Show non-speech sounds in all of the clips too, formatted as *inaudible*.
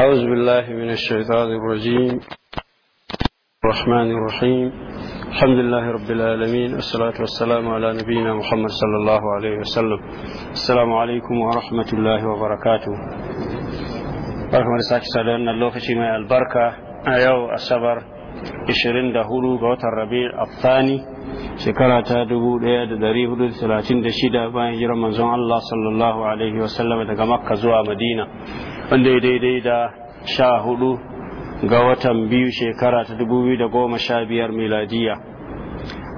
أعوذ بالله من الشيطان الرجيم الرحمن الرحيم الحمد لله رب العالمين والصلاة والسلام على نبينا محمد صلى الله عليه وسلم السلام عليكم ورحمة الله وبركاته barkamu da sake saduwa wannan lokaci mai albarka a yau asabar 24 ga watan rabi afsani shekara ta 1436 bayan jiran manzon Allah sallallahu alaihi wasallam daga makka zuwa madina wanda ya daidai da sha hudu ga watan biyu shekara ta dubu biyu da goma sha biyar miladiya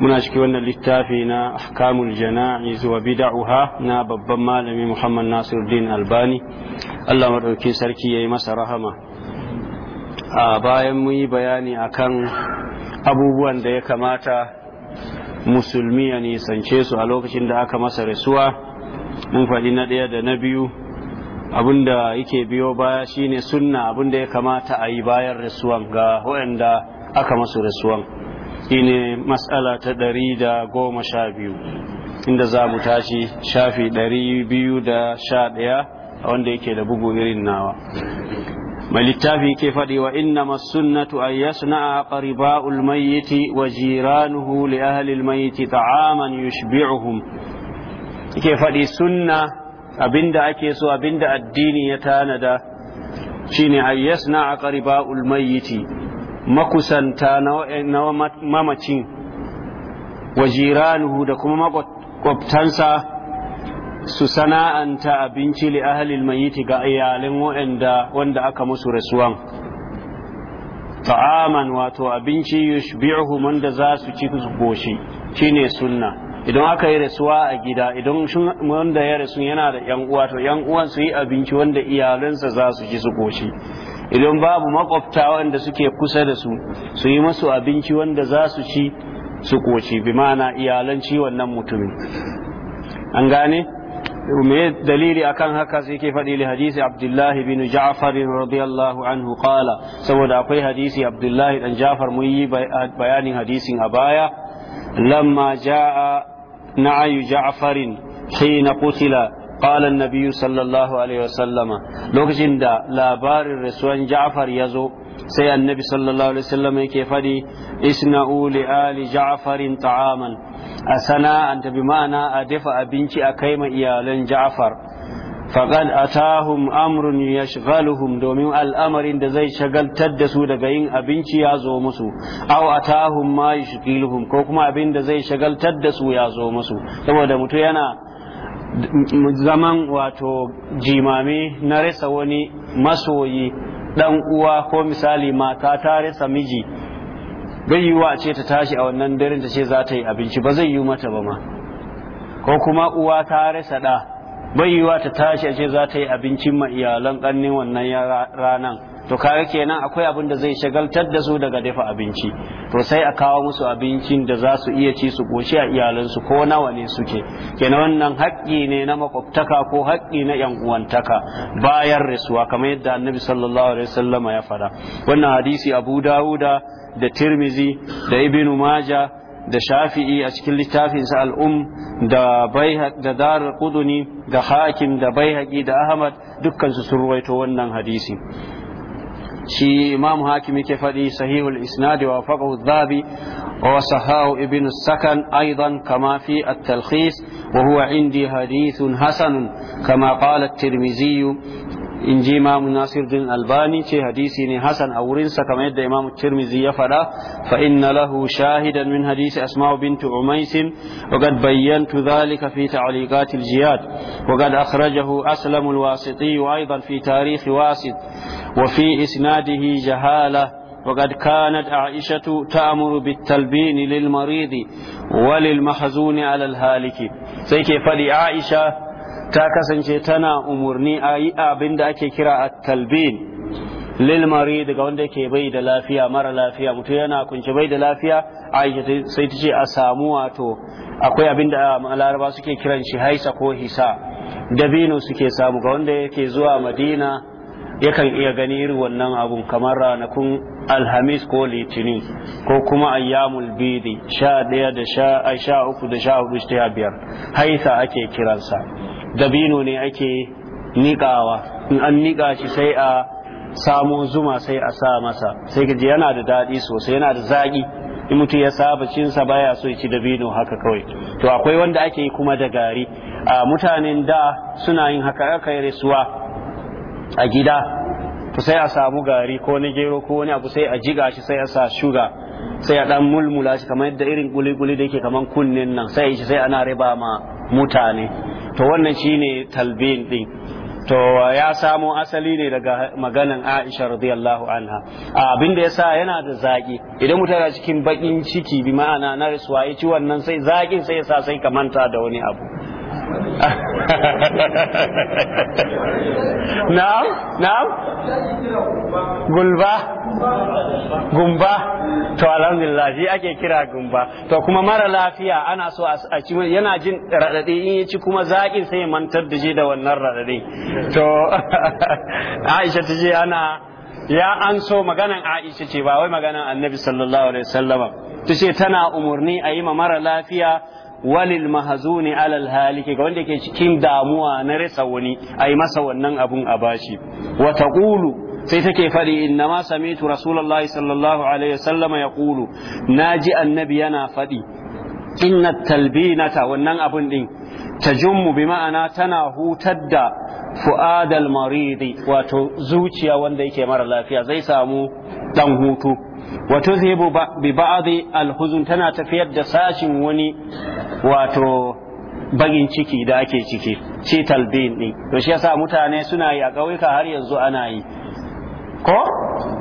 muna ciki wannan littafi na ahkamul jana'iz wa bid'uha na babban malami Muhammad Nasiruddin Albani Allah maɗauki sarki ya yi masa rahama a bayan mu yi bayani akan abubuwan da ya kamata musulmi ya nisance su a lokacin da aka masa rasuwa mun faɗi na ɗaya da na biyu abin da yake biyo baya shine sunna abin da ya kamata a yi bayan rasuwan ga waɗanda aka masu rasuwan shine matsala ta ɗari da goma sha biyu inda za mu tashi shafi ɗari biyu da sha ɗaya a wanda yake da bugu irin nawa mai littafi ke faɗi wa inna sunnatu an yasna'a qariba'ul mayyiti wa jiranuhu li ahlil al-mayyiti ta'aman yushbi'uhum ke faɗi sunna abinda ake so abinda addini ya tanada shine ayyasna aqriba'ul mayyiti makusanta na mamacin wajiranu da kuma makwabtansa su sana'anta abinci li ahli mayyiti ga iyalin wanda wanda aka musu rasuwan ta'aman wato abinci yushbi'uhu wanda za su ci su goshi shine sunna idan aka yi rasuwa a gida idan wanda ya rasu yana da yan uwa to yan uwan su yi abinci wanda iyalansa za su ji su koshi idan babu makwabta wanda suke kusa da su su yi masu abinci wanda za su ci su koci bi mana iyalan ciwon nan mutumin an gane me dalili akan haka sai ke faɗi li hadisi abdullahi bin ja'far radiyallahu anhu qala saboda akwai hadisi abdullahi dan ja'far mun yi bayanin hadisin a baya lamma ja'a نعي جعفر حين قتل قال النبي صلى الله عليه وسلم لوكجين دا لابار رسوان جعفر يزو سي النبي صلى الله عليه وسلم يكي فدي اسنعوا لآل جعفر طعاما أسنا أنت بمعنى أدفع بنتي أكيم إيالين جعفر faƙad atahum amrun yashghaluhum domin al'amarin da zai shagaltar da su daga yin abinci ya zo musu aw atahum ma ko kuma abin da zai shagaltar da su ya zo musu saboda mutu yana zaman wato jimami, na rasa wani masoyi dan uwa ko misali mata ta rasa miji bai yiwuwa ce ta tashi a wannan daren ta ce za ta yi abinci ba zai yi mata ba ma ko kuma uwa ta rasa ɗa bai yiwa ta tashi ce za ta yi abincin ma iyalan ƙannin wannan ranan to kare kenan akwai abin da zai shagaltar da su daga dafa abinci to sai a kawo musu abincin da za su iya ci su goshi a iyalansu ko nawa ne suke kenan wannan haƙƙi ne na makwabtaka ko haƙƙi na yan uwantaka bayan rasuwa kamar yadda annabi sallallahu alaihi wasallama ya fara wannan hadisi abu dawuda da tirmizi da ibnu maja da shafi'i a cikin littafinsa al'um da da darar da hakim da baihaqi da ahmad dukkansu sun ruwaito wannan hadisi shi imam hakim yake faɗi sahihul isnad wa faqahu dhabi wa sahahu ibn sakan aidan kama fi at-talkhis wa huwa indi hadithun hasan kama qala at-tirmidhi in ji imamu din albani ce hadisi ne hasan a wurinsa kamar yadda imamu tirmizi ya faɗa fa inna lahu shahidan min hadisi asma'u bintu umaisin wa qad bayyantu dhalika fi ta'liqat al-jiyad wa qad akhrajahu aslam al wa aidan fi tarikh wasit wa fi isnadihi jahala وقد كانت عائشة تأمر بالتلبين للمريض وللمحزون على الهالك سيكي Aisha. ta kasance tana umarni a yi abin da ake kira a talbin lilmari daga wanda ke bai da lafiya mara lafiya mutum yana kunce bai da lafiya aisha sai ta ce a samu wato akwai abin da ah, laraba suke kiran shi haisa ko hisa dabino suke samu ga wanda yake zuwa madina yakan iya gani irin wannan abun kamar ranakun alhamis ko litinin ko kuma ayyamul bidi sha ɗaya da sha uku da sha hudu biyar haisa ake kiransa dabino ne ake niƙawa in an niƙa shi sai a samo zuma sai a sa masa sai ka yana da daɗi sosai yana da zaƙi in mutum ya saba cinsa baya so ya ci dabino haka kawai to akwai wanda ake yi kuma da gari a mutanen da suna yin haka aka yi rasuwa a gida to sai a samu gari ko na gero ko wani abu sai a jiga shi sai a sa shuga sai a dan mulmula shi kamar yadda irin guli-guli da yake kamar kunnen nan sai shi sai ana raba ma mutane to wannan shine talbin din to ya samo asali ne daga maganan Aisha radiyallahu anha abin da yasa yana da zaki idan mutum yana cikin bakin ciki bi ma'ana na rasuwa ya ci wannan sai zakin sai yasa sai ka manta da wani abu *laughs* na'am na'am gulba gumba to alhamdulillah shi ake kira gumba to kuma mara lafiya ana so a ci yana jin radadi in ci kuma zaƙin sai man mantar da shi da wannan radadi to *laughs* Aisha ta ce ana ya an so maganan Aisha ce ba wai maganan Annabi sallallahu alaihi wasallam ta ce tana umurni a yi ma mara lafiya walil mahazuni alal haliki ga wanda yake cikin damuwa na rasa wani ai masa wannan abun a bashi wa taqulu sai take faɗi inna ma samitu rasulullahi sallallahu alaihi wasallam ya kulu na ji annabi yana faɗi inna talbinata wannan abun ɗin ta jummu bi ma'ana tana hutar da fu'adal maridi wato zuciya wanda yake mara lafiya zai samu dan hutu Wato tuzhibu bi ba'd tana tafiyar da sashin wani wato bagin ciki da ake ciki cital talbin ɗin to shi yasa mutane suna yi a ƙauyuka har yanzu ana yi ko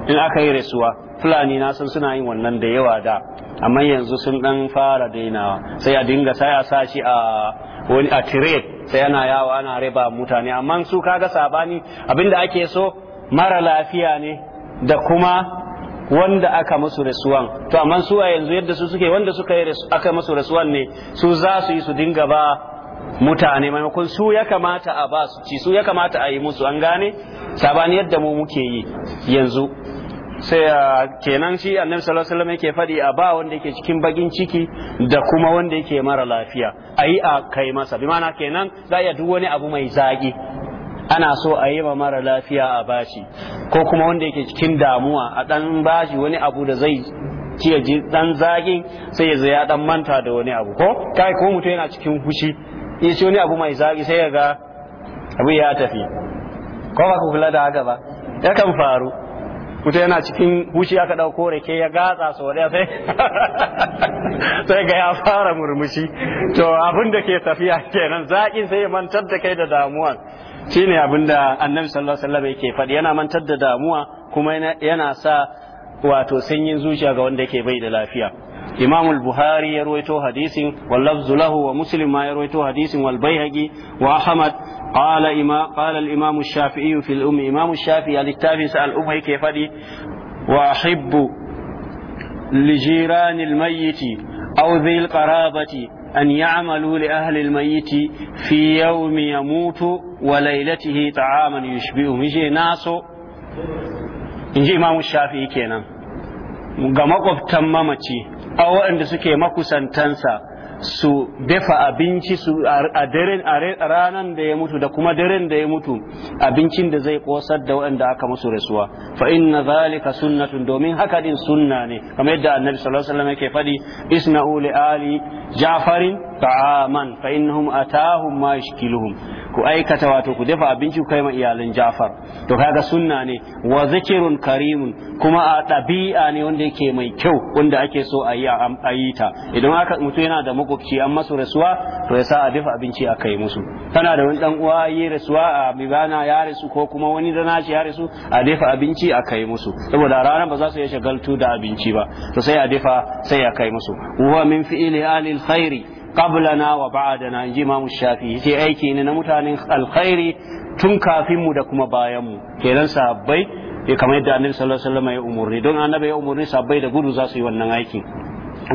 in aka yi rasuwa fulani na san suna yin wannan da yawa da amma yanzu sun dan fara dainawa sai a dinga sai a sa shi a wani a tire sai ana yawa ana raba mutane amma su kaga sabani abinda ake so mara lafiya ne da kuma wanda aka musu rasuwan to amma su a yanzu yadda su suke wanda suka yi aka musu rasuwan ne su za su yi su dinga ba mutane maimakon su ya kamata a ba su ci su ya kamata a yi musu an gane sabani yadda mu muke yi yanzu sai a kenan shi annabi sallallahu alaihi wasallam yake fadi a ba wanda yake cikin bakin ciki da kuma wanda yake mara lafiya ayi a kai masa bi ma'ana kenan za ya duk wani abu mai zagi ana so a yi ma mara lafiya a bashi ko kuma wanda yake cikin damuwa a dan bashi wani abu da zai ci ya ji dan zagin sai ya ya dan manta da wani abu ko kai ko mutum yana cikin fushi in shi wani abu mai zagi sai ya ga abu ya tafi ko ba ku kula da haka ba yakan faru mutum yana cikin fushi aka dauko rake ya gatsa so da sai *laughs* sai ga ya fara murmushi to abin da ke tafiya kenan zakin sai ya mantar da kai da damuwan shine abinda annabi sallallahu alaihi wasallam yake faɗi yana mantar da damuwa kuma yana sa wato sanyin zuciya ga wanda yake bai da lafiya Imam al-Buhari ya rawaito hadisin wal lahu wa Muslim ma ya rawaito hadisin wal Baihaqi wa Ahmad qala ima qala al-Imam ash-Shafi'i fi al-Umm Imam ash-Shafi'i al-Tabi sa al-Umm yake faɗi wa ahibbu li jiranil mayyiti aw dhil qarabati أن يعملوا لأهل الميت في يوم يموت وليلته طعاما يشبعهم يجي ناسو يجي إمام الشافعي كينا ga makwabtan أو أن waɗanda suke تنسى su dafa abinci su a daren a ranan da ya mutu da kuma daren da ya mutu abincin da zai kosar da waɗanda aka musu rasuwa fa inna zalika sunnatun domin haka din sunna ne kamar yadda annabi sallallahu alaihi wasallam yake faɗi isna'u li ali ja'farin ta'aman fa innahum atahum ma yashkiluhum ku aikata wato ku dafa abinci ku kai ma iyalan Ja'far to kaga sunna ne wa zikrun karimun kuma a ɗabi'a ne wanda yake mai kyau wanda ake so a yi a yi ta idan aka mutu yana da makwabci an masu rasuwa to ya sa a dafa abinci a kai musu kana da wani dan uwa yi rasuwa a bibana ya rasu ko kuma wani da nashi ya rasu a dafa abinci a kai musu saboda ranar ba za su iya shagaltu da abinci ba to sai a dafa sai a kai musu huwa min fi'ili alil khairi qablana wa ba'dana inji imamu shafi yace aiki ne na mutanen alkhairi tun kafin mu da kuma bayan mu kenan sahabbai ya kamar yadda annabi sallallahu alaihi wasallam ya umurni don annabi ya umurni sahabbai da gudu za su yi wannan aiki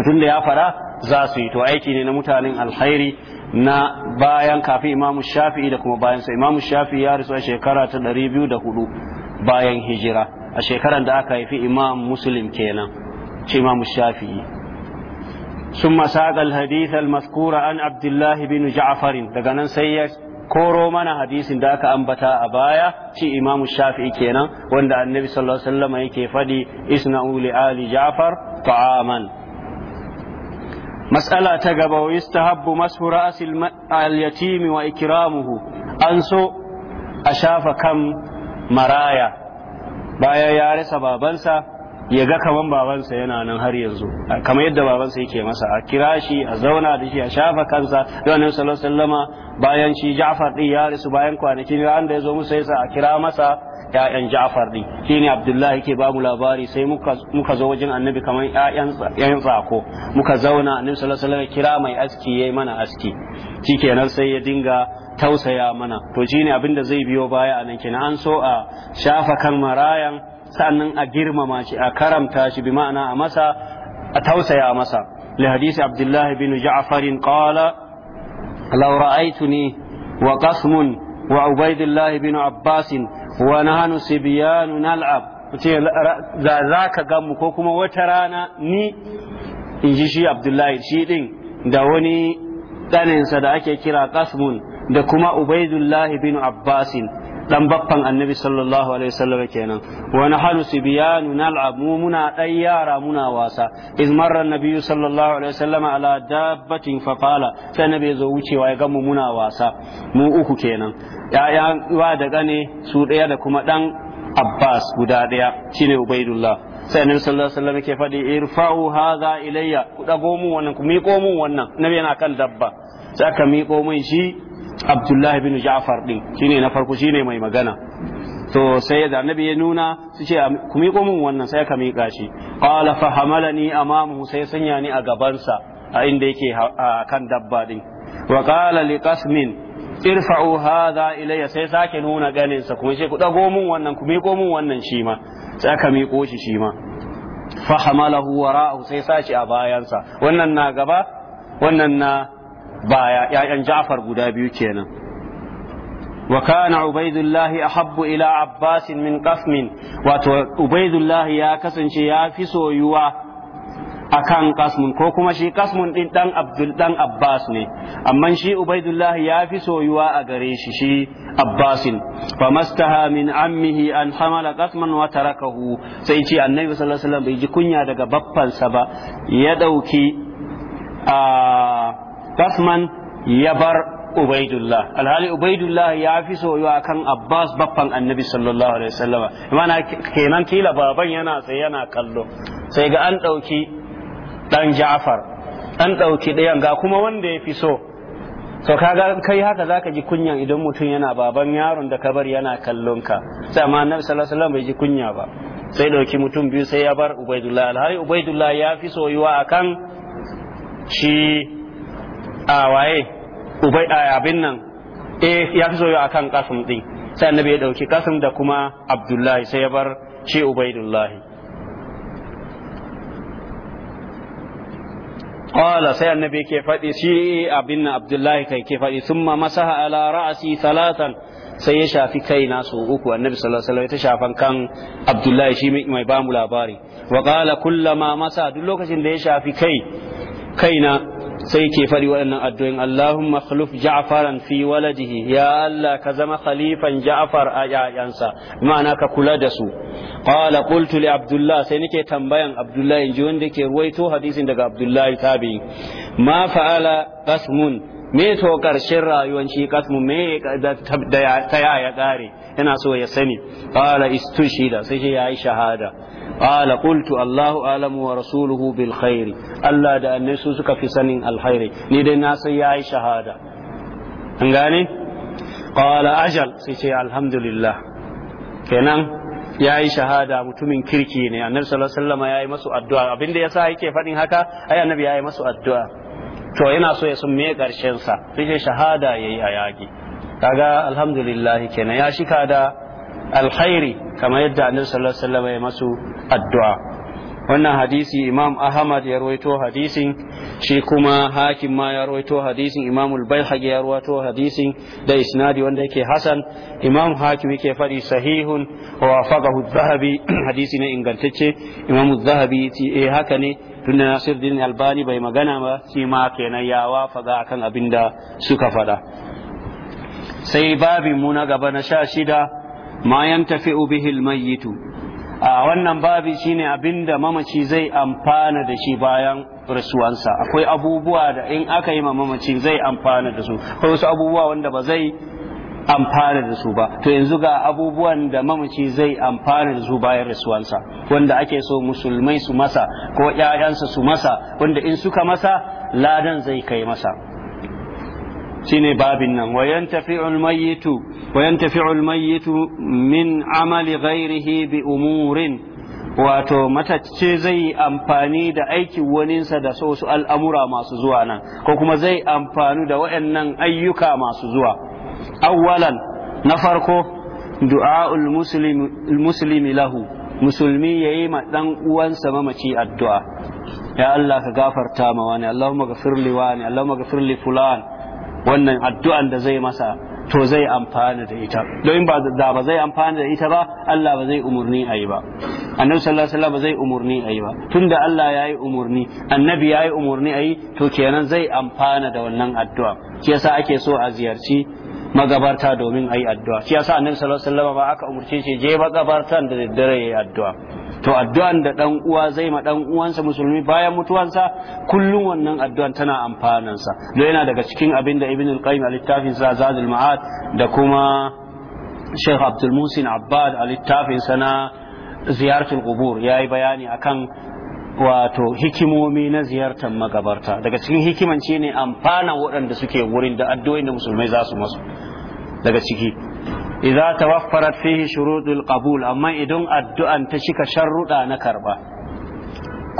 tun da ya fara za su yi to aiki ne na mutanen alkhairi na bayan kafin imamu shafi'i da kuma bayan sa imamu shafi'i ya rasu a shekara ta 204 bayan hijira a shekaran da aka haifi imam muslim kenan ce imamu shafi'i Sun ثم ساق maskura an Abdullahi عبد Jafarin daga nan sai ya koro mana hadisin da aka ambata a baya shi imamu shafi kenan wanda annabi sallallahu alaihi wasallam yake faɗi, Isna'uli ali ja'far ta'aman Matsala ta gaba wa yustahabbu mashu ra'sil al-yatim wa an so a shafa kan maraya baya ya rasa babansa ya ga kaman babansa yana nan har yanzu kamar yadda babansa yake masa a kira shi a zauna da shi a shafa kansa da annabi sallallahu alaihi bayan shi Ja'far din ya rasu bayan kwanaki ne da ya zo musa yasa a kira masa ya'yan Ja'far din shine Abdullahi yake ba mu labari sai muka zo wajen annabi kamar ya'yan ya'yan tsako muka zauna annabi sallallahu alaihi kira mai aski yayi mana aski shikenan sai ya dinga tausaya mana to shine abin da zai biyo baya a nan kenan an so a shafa kan marayan Sannan a girmama shi a karamta shi bi ma'ana a masa a tausaya masa li hadisi abdullahi bin ja'far qala law ra'aytuni wa qasmun wa ubaidillah bin Abbasin wa nahnu sibyan nal'ab ce za zaka ga mu ko kuma wata rana ni in ji shi abdullahi shi din da wani ɗaninsa da ake kira qasmun da kuma ubaidullahi bin abbasin dan baffan annabi sallallahu alaihi wasallam kenan wa nahnu sibyanu nal'ab mu muna dan yara muna wasa iz marra annabi sallallahu alaihi wasallam ala dabbatin fa fala sai nabi zo wucewa ya ga mu muna wasa mu uku kenan ya'ya wa da gane su daya da kuma dan Abbas guda daya shine Ubaidullah sai annabi sallallahu alaihi wasallam ke fadi irfa'u hadha ilayya ku dago mu wannan ku miƙo mun wannan nabi yana kan dabba sai aka miƙo mun shi abdullahi bin ja'far din shine na farko shine mai magana to sai da annabi ya nuna su ce ku miƙo min wannan sai ka miƙa shi qala fa hamalani amamu sai sanya ni a gabansa a inda yake kan dabba din wa qala li qasmin irfa'u hadha ilayya sai sake nuna ganin sa kuma sai ku dago min wannan ku miƙo min wannan shi ma sai ka miƙo shi shi ma fa hamalahu wara'u sai sashi a bayansa wannan na gaba wannan na baya ‘ya'yan Ja'far guda biyu kenan. wa kana ubaidullahi ahabbu ila abbasin min qasmin wato ubaidullahi ya kasance ya fi soyuwa akan qasmun ko kuma shi qasmun din dan abdul dan abbas ne amma shi ubaidullahi ya fi soyuwa a gare shi shi abbasin mastaha min ammihi an hamala qasman wa tarakahu sai ce annabi sallallahu alaihi wasallam bai ji kunya daga baffansa ba ya dauki a ah, Basman ya bar Ubaidullah alhali Ubaidullah ya fi soyuwa kan Abbas baffan Annabi sallallahu alaihi wasallama mana kenan kila baban yana tsaye yana kallo sai ga an ɗauki ɗan Ja'far an ɗauki ɗayan ga kuma wanda ya fi so so kaga kai haka zaka ji kunyan idan mutum yana baban yaron da ka bar yana kallon ka sai amma annabi sallallahu alaihi wasallam bai ji kunya ba sai dauki mutum biyu sai ya bar ubaidullah alhari ubaidullah ya fi soyuwa akan shi a waye ubai abin nan eh ya fi soyo akan kasum din sai annabi ya dauki kasum da kuma abdullahi sai ya bar shi ubaidullahi qala sai annabi ke faɗi shi abin nan abdullahi kai ke faɗi summa masaha ala ra'si salatan sai ya shafi kaina su uku annabi sallallahu alaihi wasallam ta shafan kan abdullahi shi mai ba mu labari wa qala kullama masa duk lokacin da ya shafi kai kaina sai ke fari waɗannan addu'in Allahumma khluf Ja'faran fi waladihi ya Allah ka zama khalifan Ja'far a yayansa ma'ana ka kula da su qala qultu li Abdullah sai nake tambayan Abdullah inji wanda yake ruwaito hadisin daga Abdullah tabi ma fa'ala qasmun me to karshen rayuwanci shi kasmu me ta ya ya kare yana so ya sani qala da sai shi yayi shahada qala qultu allahu alamu wa rasuluhu bil khairi allah da annabi su suka fi sanin alkhairi ni dai na sai yayi shahada an gane qala ajal sai shi alhamdulillah kenan ya yi shahada mutumin kirki ne annabi sallallahu alaihi wasallam ya yi masu addu'a abinda yasa yake faɗin haka ai annabi ya yi masu addu'a to yana so ya sun me karshen sa sai shahada yayi a yaki kaga alhamdulillah kenan ya shika da alkhairi kamar yadda annabi sallallahu alaihi wasallam ya masu addu'a wannan hadisi imam ahmad ya rawaito hadisin shi kuma hakim ma ya rawaito hadisin imam albayhaqi ya rawaito hadisin da isnadi wanda yake hasan imam hakim yake fadi sahihun wa faqahu adh-dhahabi *clears throat* hadisi ne ingantacce imam adh-dhahabi ce eh, haka ne tunda Nasiruddin Albani bai magana ba shi ma kenan ya ga akan abin da suka faɗa sai babin mu na gaba na sha shida ma yantafi'u bihi almayyitu a wannan babi shine abin da mamaci zai amfana da shi bayan rasuwansa akwai abubuwa da in aka yi ma mamaci zai amfana da su akwai wasu abubuwa wanda ba zai amfana da su ba to yanzu ga abubuwan da mamaci zai amfana da su bayan rasuwansa wanda ake so musulmai su masa ko ƴaƴansa su masa wanda in suka masa ladan zai kai masa shine babin nan wa mayyitu wa mayyitu min amali ghairihi bi umurin wato matacce zai amfani da aikin waninsa da so al'amura masu zuwa nan ko kuma zai amfani da waɗannan ayyuka masu zuwa awwalan na farko du'a'ul muslimi lahu musulmi yayi ma dan uwansa mamaci addu'a ya Allah ka gafarta ma wani Allahumma ghafir li wani Allahumma ghafir li fulan wannan addu'an da zai masa to zai amfana da ita don ba da ba zai amfana da ita ba Allah ba zai umurni ayi ba annabi sallallahu alaihi wasallam ba zai umurni ayi ba tunda Allah yayi umurni annabi yayi umurni ayi to kenan zai amfana da wannan addu'a shi yasa ake so a ziyarci magabarta domin a yi addu'a shi yasa annabi sallallahu alaihi ba aka umurce shi je magabartan da daddare yayi addu'a to addu'an da dan uwa zai ma dan uwansa musulmi bayan mutuwansa kullum wannan addu'an tana amfanansa don yana daga cikin abin da ibn al-qayyim a littafin sa zadul da kuma Sheikh Abdul Musin a littafin na qubur yayi bayani akan wato hikimomi na ziyartar magabarta daga cikin hikiman ce ne amfana waɗanda suke wurin da addu'o'in da musulmai za su masu daga ciki idza tawaffarat fihi shurutul qabul amma idan addu'an ta cika sharruɗa na karba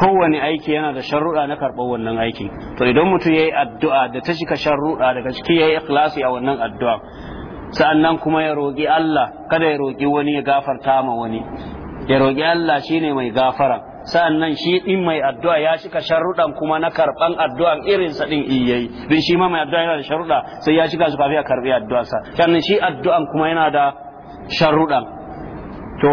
kowane aiki yana da sharruɗa na karɓar wannan aiki to idan mutum yayi addu'a da ta cika sharruɗa daga ciki yayi ikhlasi a wannan addu'a sa'annan kuma ya roƙi Allah kada ya roƙi wani ya gafarta ma wani ya roƙi Allah shine mai gafara sa'annan shi din mai addu'a ya shika sharudan kuma na karban addu'an irin sa din iyayi din shi ma mai addu'a yana da sharuda sai ya shika su kafin a karɓi addu'a sa sannan shi addu'an kuma yana da sharudan to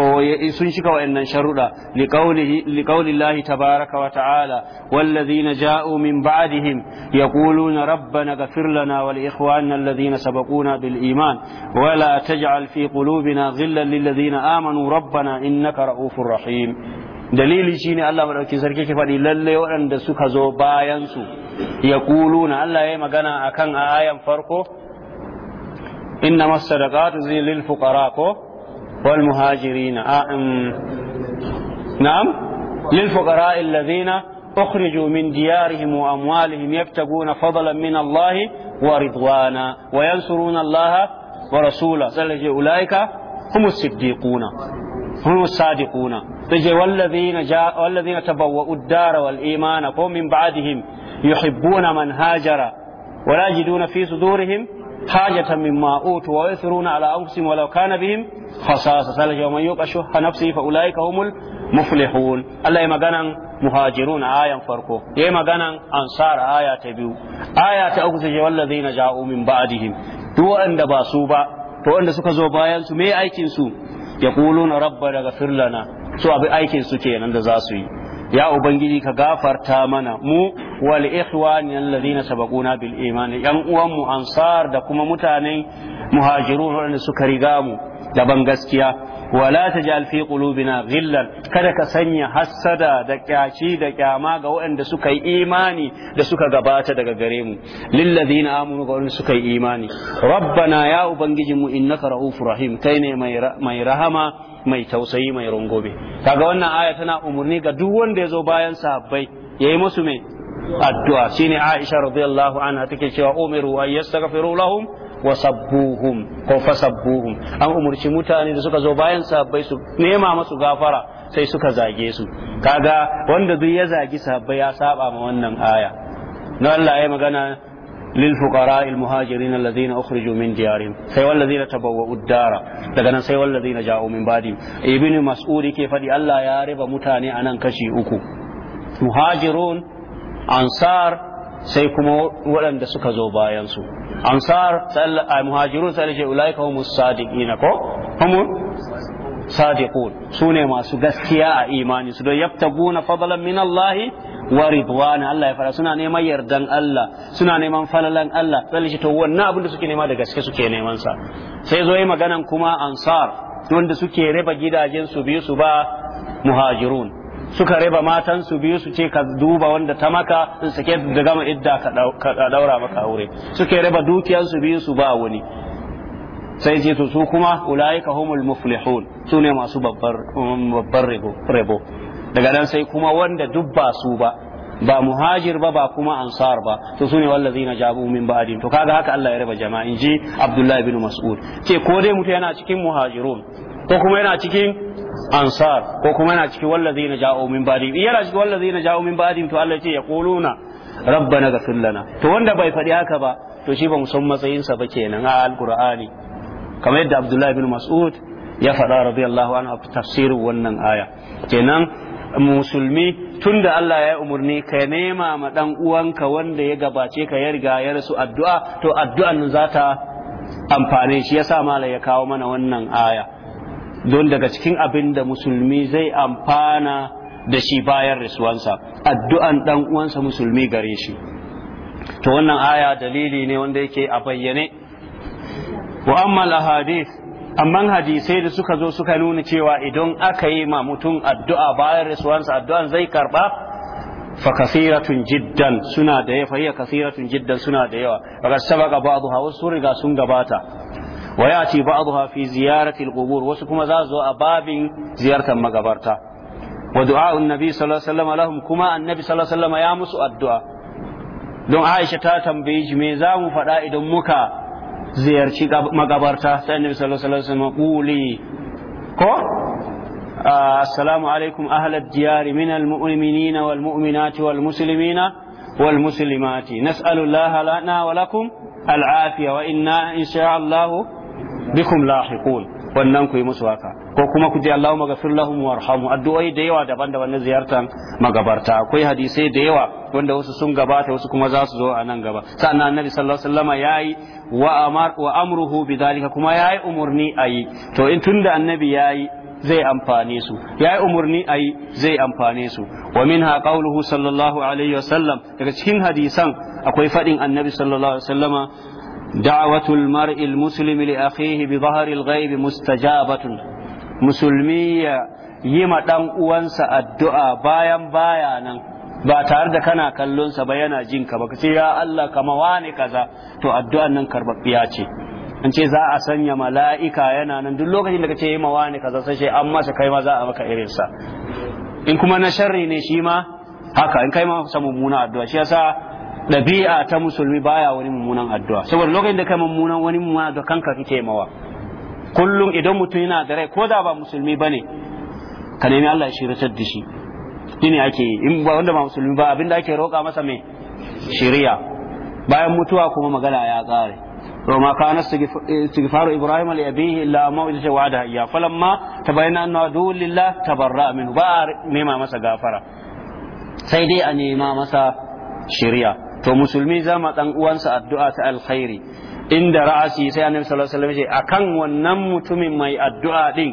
sun shika wa'annan sharuɗa liqaulihi lahi tabaaraka wa ta'ala wallazina ja'u min ba'dihim yaquluna rabbana ghfir lana wa li ikhwanina alladhina sabaquna bil iman wa la taj'al fi qulubina ghillan lil ladhina amanu rabbana innaka ra'ufur rahim dalili shine Allah madaukakin sarki ke faɗi lalle waɗanda suka zo bayan su ya na Allah ya yi magana akan ayan farko inna zai lil fuqara ko wal muhajirin um, na'am lil fuqara alladhina أخرجوا من ديارهم وأموالهم يبتغون فضلا من الله ورضوانا وينصرون الله ورسوله أولئك هم الصديقون هم الصادقون sai ce wallazina ja wallazina tabawwa'u ad-dara wal imana ko min ba'dihim yuhibbuna man hajara wala yajiduna fi sudurihim hajatan mimma utu wa yusiruna ala anfusihim walau kana bihim khasasa sai ce man yuqa nafsihi fa ulaika humul muflihun Allah ya maganan muhajirun ayan farko yayi maganan ansar aya ta biyu aya ta uku sai ce wallazina ja'u min duk wanda ba su ba to wanda suka zo bayan su me aikin su yaquluna rabbana daga lana su abin aikin su kenan da za su yi ya ubangiji ka gafarta mana mu wal ikhwani alladhina sabaquna bil iman yan uwan mu ansar da kuma mutanen muhajirun wanda suka riga mu da ban gaskiya wala taj'al fi qulubina ghillan kada ka sanya hassada da kyaci da kyama ga waɗanda suka yi imani da suka gabata daga gare mu lil ladina amanu ga waɗanda suka yi imani rabbana ya ubangijinmu innaka raufur rahim kai ne mai rahama mai tausayi mai rungobe kaga wannan aya tana umurni ga duk wanda ya zo bayan sahabbai yi musu me addu'a shine Aisha radiyallahu anha take cewa umiru wa yastaghfiru lahum wa sabbuhum ko fasabbuhum an umurci mutane da suka zo bayan sahabbai su nema masu gafara sai suka zage su kaga wanda duk ya zagi sahabbai ya saba ma wannan aya na Allah ya magana للفقراء المهاجرين الذين أخرجوا من ديارهم سيوى الذين تبوأوا الدار لكن سيوى الذين جاءوا من بعدهم ابن مسعود كيف دي الله يارب متاني أنا كشي أكو مهاجرون أنصار سيكم ولن دسك زوبا ينسو أنصار سأل مهاجرون سأل جاء أولئك هم الصادقين هم صادقون سوني ما سقسيا إيماني سدو يبتغون فضلا من الله wa ridwana Allah ya fara suna neman yardan Allah suna neman falalan Allah sai shi to wannan abin da suke nema da gaske suke neman sa sai zo yi maganan kuma ansar wanda suke raba gidajen su biyu su ba muhajirun suka raba matan su biyu su ce ka duba wanda ta maka in sake da gama idda ka daura maka aure suke raba dukiyar su biyu su ba wani sai ce to su kuma ulaika humul muflihun su ne masu babbar rebo daga nan sai kuma wanda duk ba su ba ba muhajir ba ba kuma ansar ba to sune wallazina jabu min ba'din to kaga haka Allah ya raba jama'a ji Abdullah ibn Mas'ud ce ko dai mutu yana cikin muhajirun ko kuma yana cikin ansar ko kuma yana cikin wallazina jabu min ba'din yana cikin wallazina jabu min ba'din to Allah ya ce quluna rabbana ghfir lana to wanda bai faɗi haka ba to shi ba mu san matsayinsa ba kenan a alqur'ani kamar yadda Abdullah ibn Mas'ud ya faɗa radiyallahu anhu a tafsirin wannan aya kenan musulmi tunda Allah ya yi umarni ka nema ma dan uwanka wanda ya gabace ka ya riga ya rasu addu'a to addu'an za ta amfane shi yasa malai ya kawo mana wannan aya don daga cikin abin da musulmi zai amfana da shi bayan rasuwansa addu'an dan uwansa musulmi gare shi to wannan aya dalili ne wanda yake a bayyane wa amma hadith amma hadisai da suka zo suka nuna cewa idan aka yi ma mutum addu'a bayan rasuwansa addu'an zai karba fa kasiratun jiddan suna da yawa fa kasiratun jiddan suna da yawa daga sabaka ba'dha wasu sun riga sun gabata wa yati ba'dha fi ziyarati al wasu kuma za zo a babin ziyartar magabarta wa du'a'un nabi sallallahu alaihi wasallam lahum kuma annabi sallallahu alaihi wasallam ya musu addu'a don Aisha ta tambayi me za mu faɗa idan muka ziyarci magabarta sai annabi sallallahu alaihi wasallam quli ko ah, assalamu alaikum ahlad diyari min almu'minina wal mu'minati wal muslimina wal muslimati nas'alu Allah lana wa lakum al afiya wa inna insha Allah bikum lahiqun wannan ku yi musu haka ko kuma ku je Allahumma ghafir lahum warhamu addu'o'i da yawa daban-daban na ziyartar magabarta akwai hadisai da yawa wanda wasu sun gabata wasu kuma za su zo a nan gaba sannan annabi sallallahu alaihi wasallam yayi wa amar wa amruhu bidalika kuma yayi umurni ayi to in tunda annabi yayi zai amfane su ya yi umarni zai amfane su wa minha qawluhu sallallahu alaihi wasallam daga cikin hadisan akwai fadin annabi sallallahu alaihi wasallama دعوة المرء المسلم لأخيه بظهر الغيب مستجابة مسلمية يما دان uwansa addu'a bayan bayanan ba tare da kana kallon sa ba yana jin ka ba kace ya Allah kama wani kaza to addu'an nan karbabbiya ce an ce za a sanya mala'ika yana nan duk lokacin da kace ma wani kaza sai sai an masa kai ma za a maka irin sa in kuma na sharri ne shi ma haka in kai ma sa mummuna addu'a shi yasa ɗabi'a ta musulmi baya wani mummunan addu'a saboda lokacin da kai mummunan wani mummunan addu'a kanka kike mawa kullum idan mutum yana da rai ko da ba musulmi bane ka nemi Allah ya shiritar da shi shine ake in ba wanda ba musulmi ba abinda ake roƙa masa me shiriya bayan mutuwa kuma magana ya ƙare وما كان استغفار ابراهيم لابيه الا موعظه وعدها اياه فلما تبين انه عدو لله تبرأ ba بار Nema, masa gafara sai dai a nema masa shiriya. to musulmi zama dan uwansa addu'a ta alkhairi inda ra'asi sai annabi sallallahu alaihi wasallam ya ce akan wannan mutumin mai addu'a din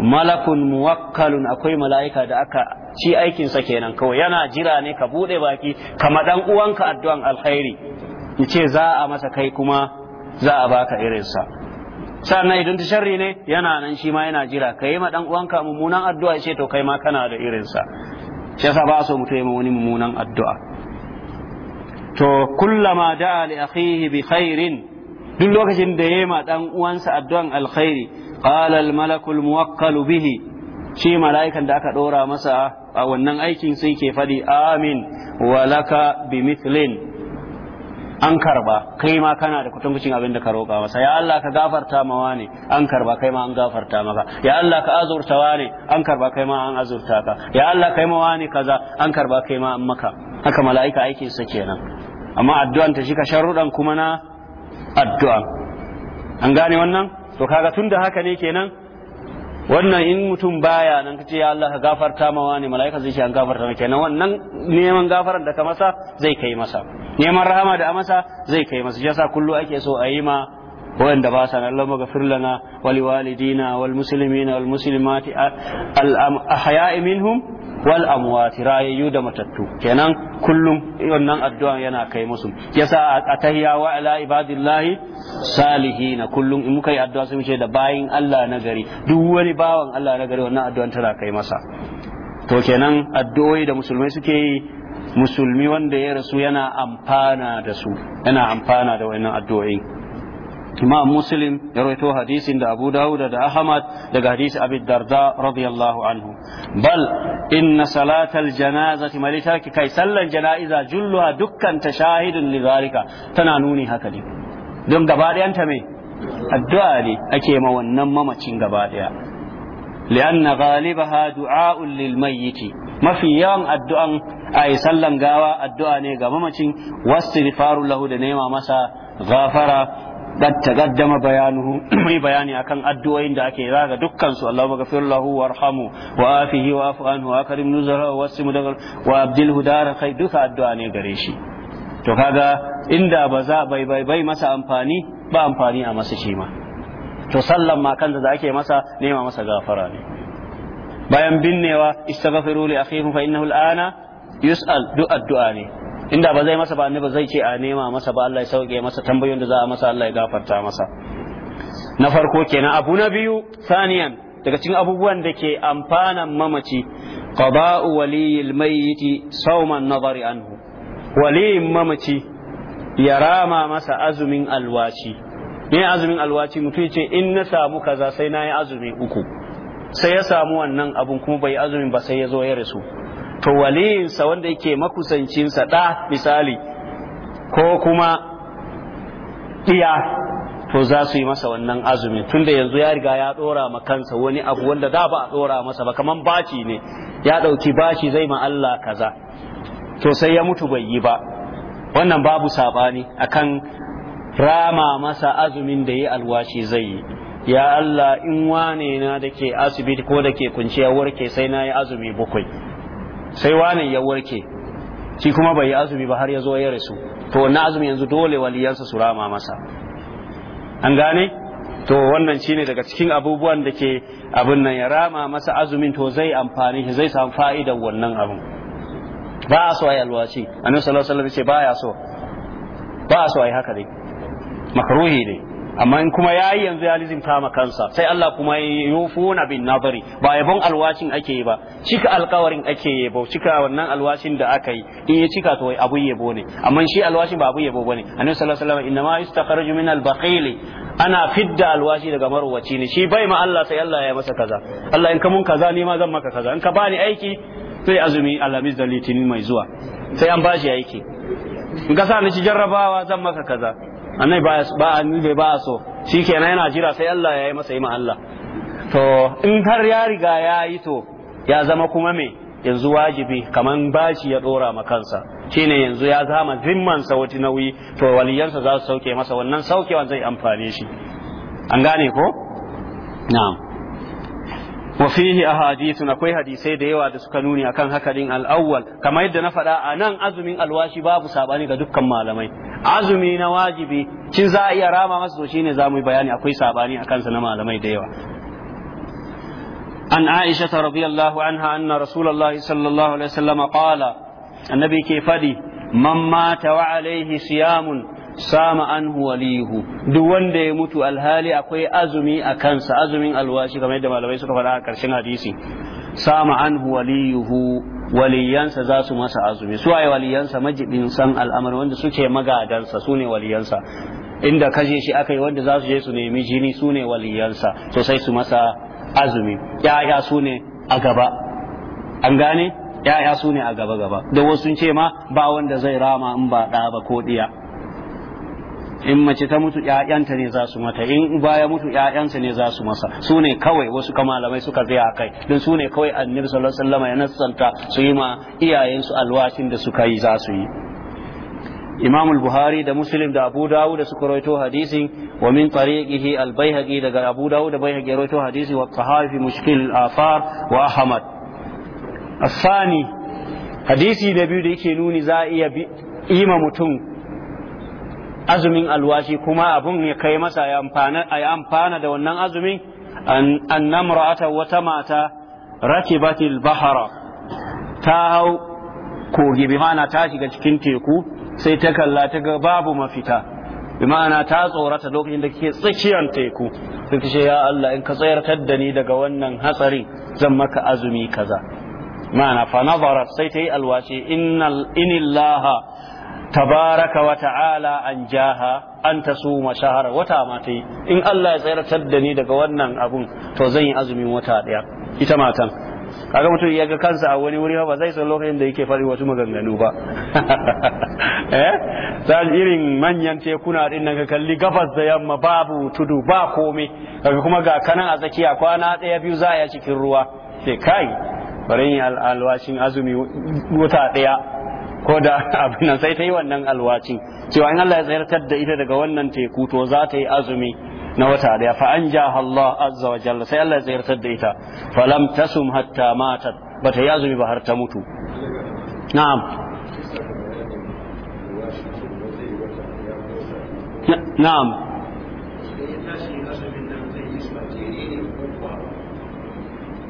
malakun muwakkalun akwai mala'ika da aka ci aikin sa kenan kawai yana jira ne ka bude baki kama dan uwanka addu'an alkhairi yace za a masa kai kuma za a baka irinsa sannan idan ta sharri ne yana nan shi ma yana jira ka yi ma dan uwanka mummunan addu'a yace to kai ma kana da irinsa shi yasa ba so mutum ya wani mummunan addu'a to kullama da'a li akhihi bi khairin duk lokacin da yema dan uwansa addu'an alkhairi qala al malakul muwakkal bihi shi mala'ikan da aka dora masa a wannan aikin sai ke fadi amin wa laka bi mithlin an karba kai ma kana da kutungucin abin da ka roƙa masa ya Allah ka gafarta ma wane an karba kai ma an gafarta maka ya Allah ka azurta wane an karba kai ma an azurta ka ya Allah kai ma wane kaza an karba kai ma an maka haka mala'ika aikin sa kenan amma addu'an ta shi ka sharuɗan kuma na addu'a an gane wannan to kaga tun da haka ne kenan wannan in mutum baya nan kace ya Allah ka gafarta ma wani malaika zai ce an gafarta ma kenan wannan neman gafaran da ka masa zai kai masa neman rahama da a masa zai kai masa shi yasa kullu ake so a yi ma wanda ba sa nan lamma gafir lana wal walidina wal muslimina wal muslimati al ahya'i minhum wal amwat rayayyu da matattu kenan kullum wannan addu'a yana kai musu yasa a tahiyya wa ala ibadillahi salihina kullum in muka yi addu'a sun ce da bayin Allah na gari duk wani bawan Allah na gari wannan ta tana kai masa to kenan addu'o'i da musulmai suke yi musulmi wanda ya rasu yana amfana da su yana amfana da wannan addu'o'in imam muslim ya rawaito hadisin da abu Dawud da ahmad daga hadisi abi darda radiyallahu anhu bal inna salatal janazati malitarki kai sallan jana'iza julluha dukkan tashahidun lidhalika tana nuni haka ne don gaba ta me addu'a ne ake ma wannan mamacin gaba daya لأن غالبها دعاء للميت ما في يوم الدعاء أي سلم قاوة الدعاء نيقى ممتين lahu da nema masa غافرة قد تقدم بيانه مي *clears throat* بياني أكن أدوين دا أكي ذاك دكان سؤال الله وغفر له وارحمه وآفه وآف wasimu نزره واسم دغل وأبدله دار خير دكا أدواني غريشي to kaga inda ba za bai bai bai masa amfani ba amfani a masa shi ma to sallan ma kanta da ake masa nema masa gafara ne bayan binnewa istaghfiru li akhikum fa innahu al'ana yus'al du'a du'a ne inda ba zai masa ba annabi zai ce a nema masa ba Allah ya sauke masa tambayoyin da za a masa Allah ya gafarta masa na farko kenan abu na biyu saniyan daga cikin abubuwan da ke amfanan mamaci qada'u waliyil mayyiti sauman nazari anhu waliyin mamaci ya rama masa azumin alwaci ne azumin alwaci mutum ce in na samu kaza sai na yi azumi uku sai ya samu wannan abun kuma bai azumin ba sai ya zo ya rasu to waliyinsa wanda yake makusancinsa ɗa misali ko kuma ɗiya to za su yi masa wannan azumin tunda yanzu ya riga ya ɗora ma kansa wani abu wanda da ba a ɗora masa ba kaman baci ne ya ɗauki baci zai ma Allah kaza to sai ya mutu bai yi ba wannan babu saɓani akan rama masa azumin da ya alwashi zai yi ya Allah in wane na da ke asibiti ko da ke kunciya warke sai na yi azumi bakwai sai wani ya warke shi kuma bai yi azumi ba har ya zo ya rasu to wannan azumi yanzu dole waliyansa su rama masa an gane to wannan shine daga cikin abubuwan da ke abin nan ya rama masa azumin to zai amfani shi zai samu fa'idar wannan abin ba a so ayi alwashi. alwaci annabi sallallahu alaihi wasallam ya ce ba ya so ba a so ayi haka dai makruhi ne amma in kuma yi yanzu ya lizimta ma kansa sai Allah kuma yufuna bin nazari ba yabon alwashin ake yi ba cika alkawarin ake yi ba cika wannan alwashin da aka yi in ya cika to abu yabo ne amma shi alwashin ba abu yabo bane annabi sallallahu alaihi wasallam inma yustakhraju min albaqil ana fidda alwashi daga marwaci ne shi bai ma Allah sai Allah ya masa kaza Allah in ka mun kaza ni ma zan maka kaza in ka bani aiki sai azumi alhamis da litinin mai zuwa sai an bashi aiki in ka sa ni ci jarrabawa zan maka kaza annai ba a bai ba so shi kenan yana jira sai Allah ya yi masa yi Allah to in har ya riga ya yi to ya zama kuma me yanzu wajibi kaman bashi ya dora ma kansa shine yanzu ya zama zimman sa wata nauyi to waliyansa za su sauke masa wannan saukewa zai amfane shi an gane ko na'am fihi وفيه na akwai hadisai da yawa da suka nuni akan al al'awwal kamar yadda na faɗa a nan azumin alwashi babu sabani ga dukkan malamai azumi na wajibi cin za a iya rama masa to shine za mu yi bayani akwai sabani a kansa na malamai da yawa an aisha ta radiyallahu anha anna rasulullahi sallallahu alaihi wasallam qala annabi ke fadi man mata wa alaihi siyamun sama anhu waliyuhu. duk wanda ya mutu alhali akwai azumi a kansa azumin alwashi kamar yadda malamai suka faɗa a ƙarshen hadisi sama anhu waliyuhu waliyansa za su masa azumi su waye waliyansa majibin san al'amari wanda suke magadansa su ne waliyansa inda kaje shi aka yi wanda za su je su nemi jini su ne waliyansa to sai su masa azumi ya'ya su ne a gaba an gane ya'ya su ne a gaba gaba da wasu sun ce ma ba wanda zai rama in ba ɗa ba ko ɗiya in mace ta mutu ƴaƴanta ne za su mata in baya mutu ƴaƴansa ne za su masa su ne kawai wasu ka malamai suka a kai don su ne kawai annabi sallallahu alaihi wasallam ya nassanta su yi ma iyayensu alwashin da suka yi za su yi Imamul Buhari da Muslim da Abu Dawud da suka rawaito hadisin wa min tariqihi al-Baihaqi daga Abu Dawud da bai ya rawaito hadisi wa Tahafi Mushkil al-Afar wa Ahmad Asani hadisi da biyu da yake nuni za a iya ima mutum azumin alwashi kuma abun ya kai masa yi amfana da wannan azumin an namra'ata wata mata rakibatil bahara ta hau kogi bi ma'ana ta shiga cikin teku sai ta kalla ta ga babu mafita bi ma'ana ta tsorata lokacin da ke tsakiyar teku sai ta ce ya Allah in ka tsayartar da ni daga wannan hatsari zan maka azumi kaza ma'ana fa sai ta yi alwashi inna inillaha tabaraka wa ta'ala an jaha an tasuma shahara wata ma ta yi in Allah ya tsayar da ni daga wannan abun to zan yi azumin wata daya ita matan kaga mutum ya kansa a wani wuri ba zai san lokacin da yake fari wasu maganganu ba *laughs* eh za irin manyan tekuna din nan kalli gabas da yamma babu tudu ba komai kaga kuma ga kanan a tsakiya kwana ɗaya biyu za a yi cikin ruwa sai kai bari yin alwashin azumi wata daya. ko da *laughs* abin nan sai ta yi wannan alwaci cewa in Allah ya tsayartar da ita daga wannan teku to za ta yi azumi na wata daya fa an ja Allah azza wa jalla sai Allah ya tsayartar da ita Falam lam tasum hatta matat ta yi azumi ba har ta mutu na'am na'am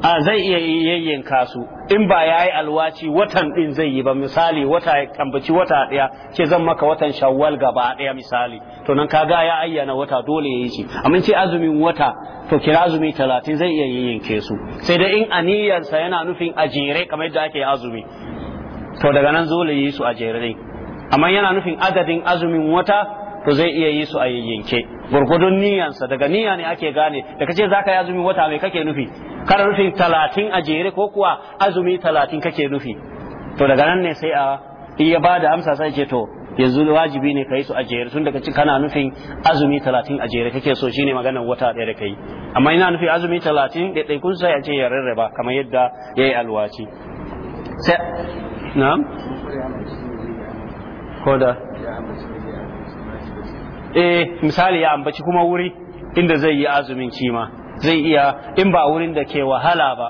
a zai iya yayyanka su in ba ya yi alwaci watan din zai yi ba misali wata ya kambaci wata ɗaya ce zan maka watan shawwal gaba ɗaya misali to nan kaga ya ayyana wata dole ya yi ci amma ce azumin wata to kira azumi talatin zai iya yayyanke su sai dai in aniyarsa yana nufin a jere kamar yadda ake azumi to daga nan zole yi su a jere amma yana nufin adadin azumin wata to zai iya yi su a yayyanke gurgudun niyansa daga niyya ne ake gane da kace zaka yi azumin wata mai kake nufi kar nufin talatin a jere ko kuwa azumi talatin kake nufi to daga nan ne sai a iya ba da amsa sai ce to yanzu wajibi ne ka yi su a jere tun daga cikin kana nufin azumi talatin a jere kake so shine maganar wata ɗaya da kai amma ina nufin azumi talatin da ɗai kun sai a ce ya rarraba kamar yadda ya yi alwaci sai na eh misali ya ambaci kuma wuri inda zai yi azumin cima zai iya in ba wurin da ke wahala ba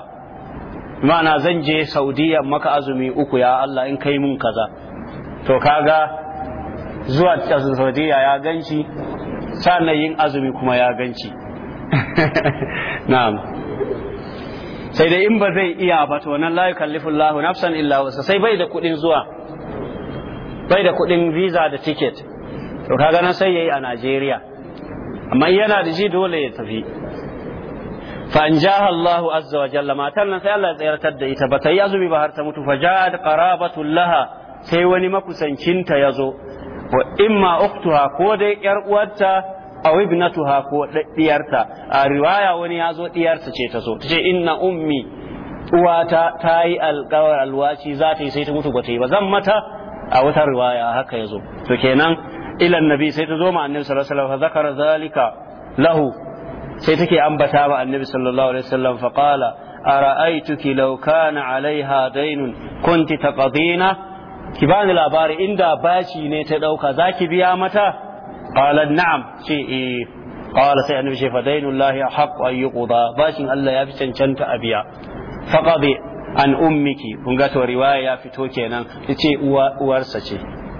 mana zan je saudiya maka azumi uku ya Allah in kai mun kaza to kaga zuwa saudiya ya ganci sannan yin azumi kuma ya ganci *laughs* na'am sai dai in ba zai iya ba to nan la yukallifullahu nafsan illa wasa sai bai da kudin zuwa bai da kudin visa da ticket to kaga nan sai yayi a Najeriya amma yana da ji dole ya tafi fa anjaha Allahu azza wa jalla matan nan sai Allah ya tsayartar da ita bata yi azumi ba har ta mutu fa ja'at qarabatul laha sai wani makusancinta yazo wa imma uktuha ko dai yar uwarta aw ibnatuha ko diyarta a riwaya wani ya zo diyarta ce ta so tace inna ummi uwata ta yi alƙawar alwaci za ta sai ta mutu ba ta yi ba zan mata a wata riwaya haka ya zo to kenan ilan nabi sai ta zo ma annabi sallallahu alaihi wasallam zakara zalika lahu sai take ambata ma annabi sallallahu alaihi wasallam fa qala ara'aytuki law kana alaiha daynun kunti taqdina ki bani labari inda bashi ne ta dauka zaki biya mata qala na'am ce eh. qala sai annabi ce fa daynullahi haqqu an yuqda bashin Allah ya fi cancanta a biya faqadi an ummiki kun ga to riwaya ya fito kenan tace uwa uwarsa ce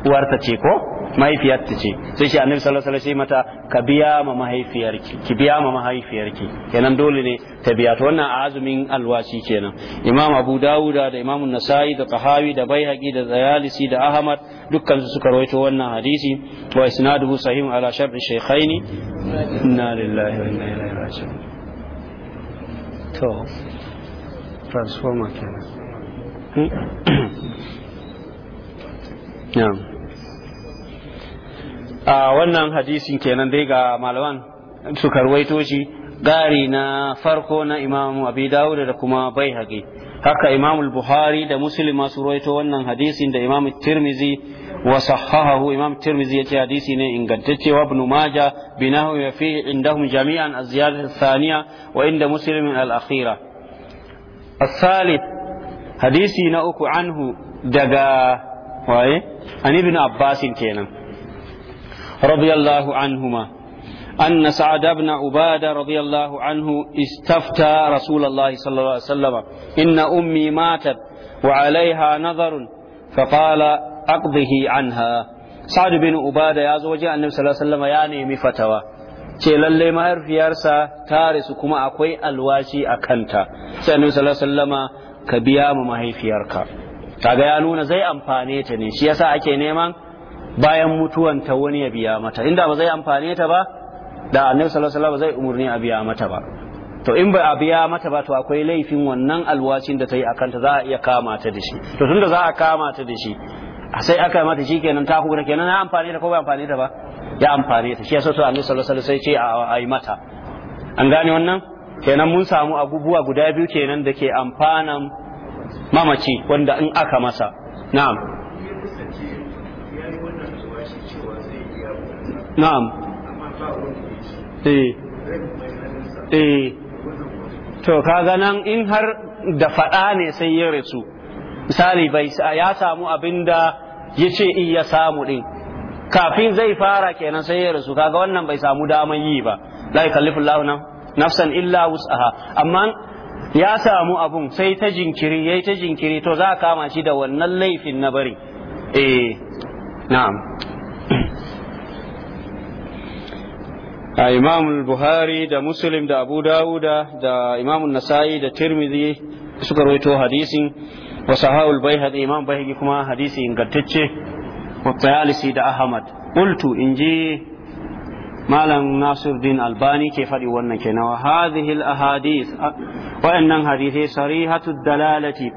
uwarta ce ko mahaifiyarta ce sai shi annabi sallallahu alaihi wasallam mata ka biya ma mahaifiyarki ki biya ma mahaifiyarki kenan dole ne ta biya ta wannan azumin alwashi kenan imam abu dawuda da imam nasa'i da qahawi da baihaqi da zayalisi da ahmad dukkan su suka rawaito wannan hadisi wa isnaduhu sahih ala sharh shaykhaini inna lillahi wa inna ilaihi raji'un to transformer kenan Yeah. Hmm? *clears throat* a wannan hadisin kenan dai ga malaman suka ruwaito shi gari na farko na imam abi dawud da kuma bai hage haka imamul buhari da muslim masu ruwaito wannan hadisin da imam tirmizi wa sahahahu imam tirmizi ya ce hadisi ne ingantacce wa ibn majah binahu ya fi indahum jami'an az-ziyadatu thaniya wa inda muslim al-akhira hadisi na uku عنه daga waye abbasin kenan. رضي الله عنهما أن سعد بن عبادة رضي الله عنه استفتى رسول الله صلى الله عليه وسلم إن أمي ماتت وعليها نظر فقال أقضه عنها سعد بن عبادة يا زوجي النبي صلى الله عليه وسلم يعني مفتوى ce lalle mahaifiyarsa ta rasu kuma akwai alwashi a kanta sai annabi sallallahu alaihi wasallama ka biya ma mahaifiyarka kaga ya nuna zai amfane ta ne shi yasa ake neman bayan mutuwanta wani ya biya mata inda ba zai amfane ta ba da annabi sallallahu alaihi wasallam zai umurni a biya mata ba to in ba a biya mata ba to akwai laifin wannan alwacin da ta yi akanta za a iya kama ta da shi to tunda za a kama ta da shi sai aka mata shi kenan ta hura kenan na amfane ta ko ba amfane ta ba ya amfane ta shi yasa to annabi sallallahu alaihi wasallam sai ce a yi mata an gane wannan kenan mun samu abubuwa guda biyu kenan da ke amfanan mamaci wanda in aka masa na'am na'am eh eh to kaga nan in har da faɗa ne sai ya rasu misali bai ya samu abin da ya ce in ya samu ɗin kafin zai fara kenan sai ya rasu kaga wannan bai samu daman yi ba la yukallifu nafsan illa wus'aha amma ya samu abun sai ta jinkiri yayi ta jinkiri to za a kama shi da wannan laifin na bari eh na'am a imam buhari da muslim da abu dawuda da imam nasa'i da tirmidhi suka rawaito hadisin wa sahahul baihaqi imam baihaqi kuma hadisi ingantacce wa tayalisi da ahmad qultu inji malam nasiruddin albani ke faɗi wannan kenan wa hadhihi ahadith wa'annan hadithai sarihatud dalalati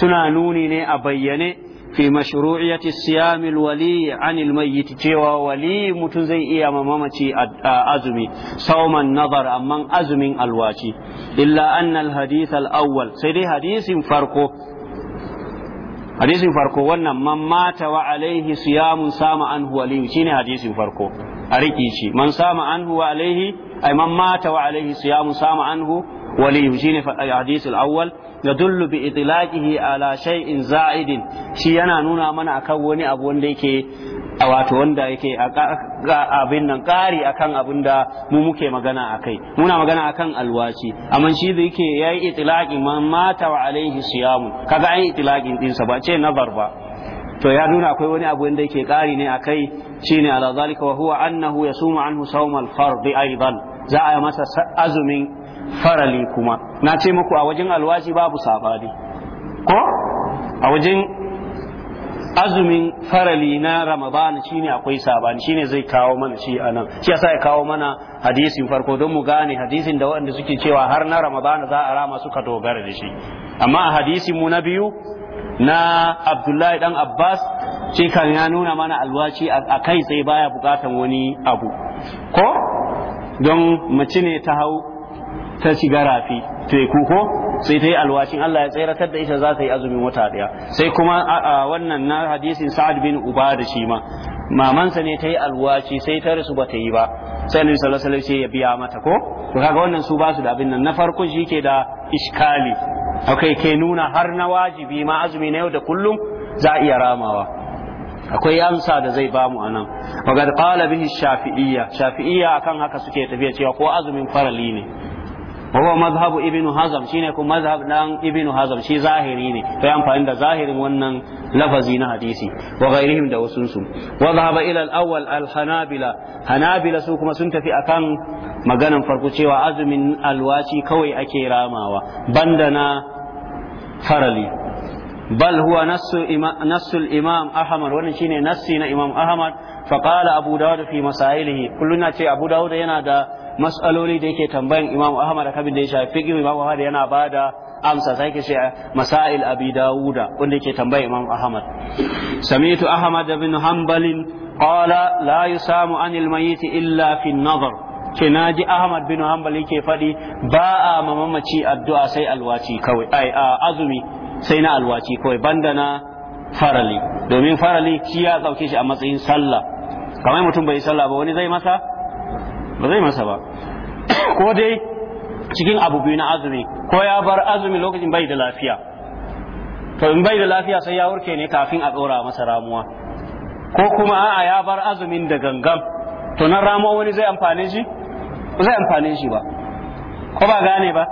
suna nuni ne a bayyane fi mashru'iyyati siyamil wali an anil mayyit cewa wali mutum zai iya mamaci azumi sauman nazar amma azumin alwaci illa anna al hadith al awwal sai dai hadisin farko hadisin farko wannan man mata wa alaihi siyamun sama anhu wali shine hadisin farko a riƙe ci man sama anhu wa alaihi ay man mata wa alaihi siyamun sama anhu waliyu shine hadisul awwal yadullu bi itlaqihi ala shay'in za'idin shi yana nuna mana akan wani abu wanda yake a wato wanda yake abin nan ƙari akan abin da mu muke magana akai muna magana akan alwashi amma shi da yake yayi itlaqi man mata wa alaihi siyamu kaga an itlaqin din sa ba ce nazar ba to ya nuna akwai wani abu wanda yake ƙari ne akai shine ala zalika wa huwa annahu yasumu anhu sawmal fard aidan za a masa azumin farali kuma na ce muku a wajen alwashi babu safari ko a wajen azumin farali na ramadan shine akwai sabani shine zai kawo mana shi anan shi yasa ya kawo mana hadisin farko don mu gane hadisin da waɗanda suke cewa har na ramadan za a rama suka dogara da shi amma a hadisin mu na biyu na abdullahi dan abbas shi kan ya nuna mana alwaci a kai sai baya bukatan wani abu ko don mace ne ta hau ta shiga rafi teku ko sai ta yi alwashin Allah ya tseratar da ita za ta yi azumin wata daya sai kuma a wannan na hadisin sa'ad bin uba shi ma mamansa ne ta yi alwashi sai ta rasu ba ta yi ba sai annabi sallallahu alaihi wasallam ya biya mata ko to kaga wannan su ba su da abin nan na farko ke da iskali akai ke nuna har na wajibi ma azumi na yau da kullum za a iya ramawa akwai amsa da zai bamu a wa qad qala bihi shafi'iyya shafi'iyya akan haka suke tafiya cewa ko azumin farali ne wa huwa mazhabu ibn hazm shine kuma mazhab ɗan ibinu hazam shi zahiri ne to amfani da zahirin wannan lafazi na hadisi wa ghairihim da wasu su wa dhahaba ila al hanabila hanabila su kuma sun tafi akan maganan farko cewa azumin alwaci kawai ake ramawa banda na farali bal huwa nassul imam ahmad wannan shine nassi na imam ahmad fa qala abu dawud fi masailihi ce abu yana da mas'aloli da yake tambayan imam ahmad kabin da ya shafi imam ahmad yana da amsa sai ke ce masail abi dawuda wanda yake tambayan imam ahmad sami'tu ahmad bin hanbal qala la yusamu anil mayyit illa fi an-nazar na ji Ahmad bin Hanbal yake faɗi ba a mamaci addu'a sai alwaci kawai ai a azumi sai na alwaci kawai banda na farali domin farali shi ya ɗauke shi a matsayin sallah kamar mutum bai yi sallah ba wani zai masa ba zai masa ba *coughs* ko dai cikin abu biyu na azumi ko ya bar azumi lokacin bai da lafiya to in bai da lafiya sai ya warke ne kafin a ɗora masa ramuwa ko kuma a'a ya bar azumin da gangan to nan ramuwa wani zai amfane shi ba zai amfane shi ba ko ba gane ba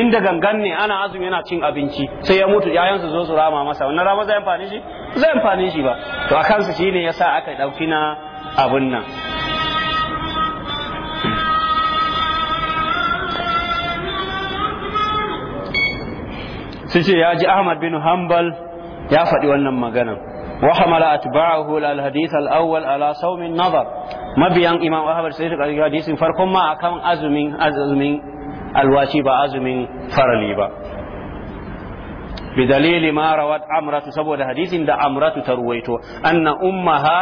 inda gangan ne ana azumi yana cin abinci sai ya mutu su zo su rama masa wannan rama zai amfani shi zai amfani shi ba to a kansu shine yasa aka dauki na abun nan sai ce ya ji Ahmad bin Hanbal ya faɗi wannan magana wa hamala atba'ahu al hadith al awwal ala sawmin nazar mabiyan imam Ahmad sai suka ga hadisin farkon ma akan azumin azumin alwashi ba azumin farali ba bi dalili ma amratu saboda hadisin da amratu ta ruwaito anna ummaha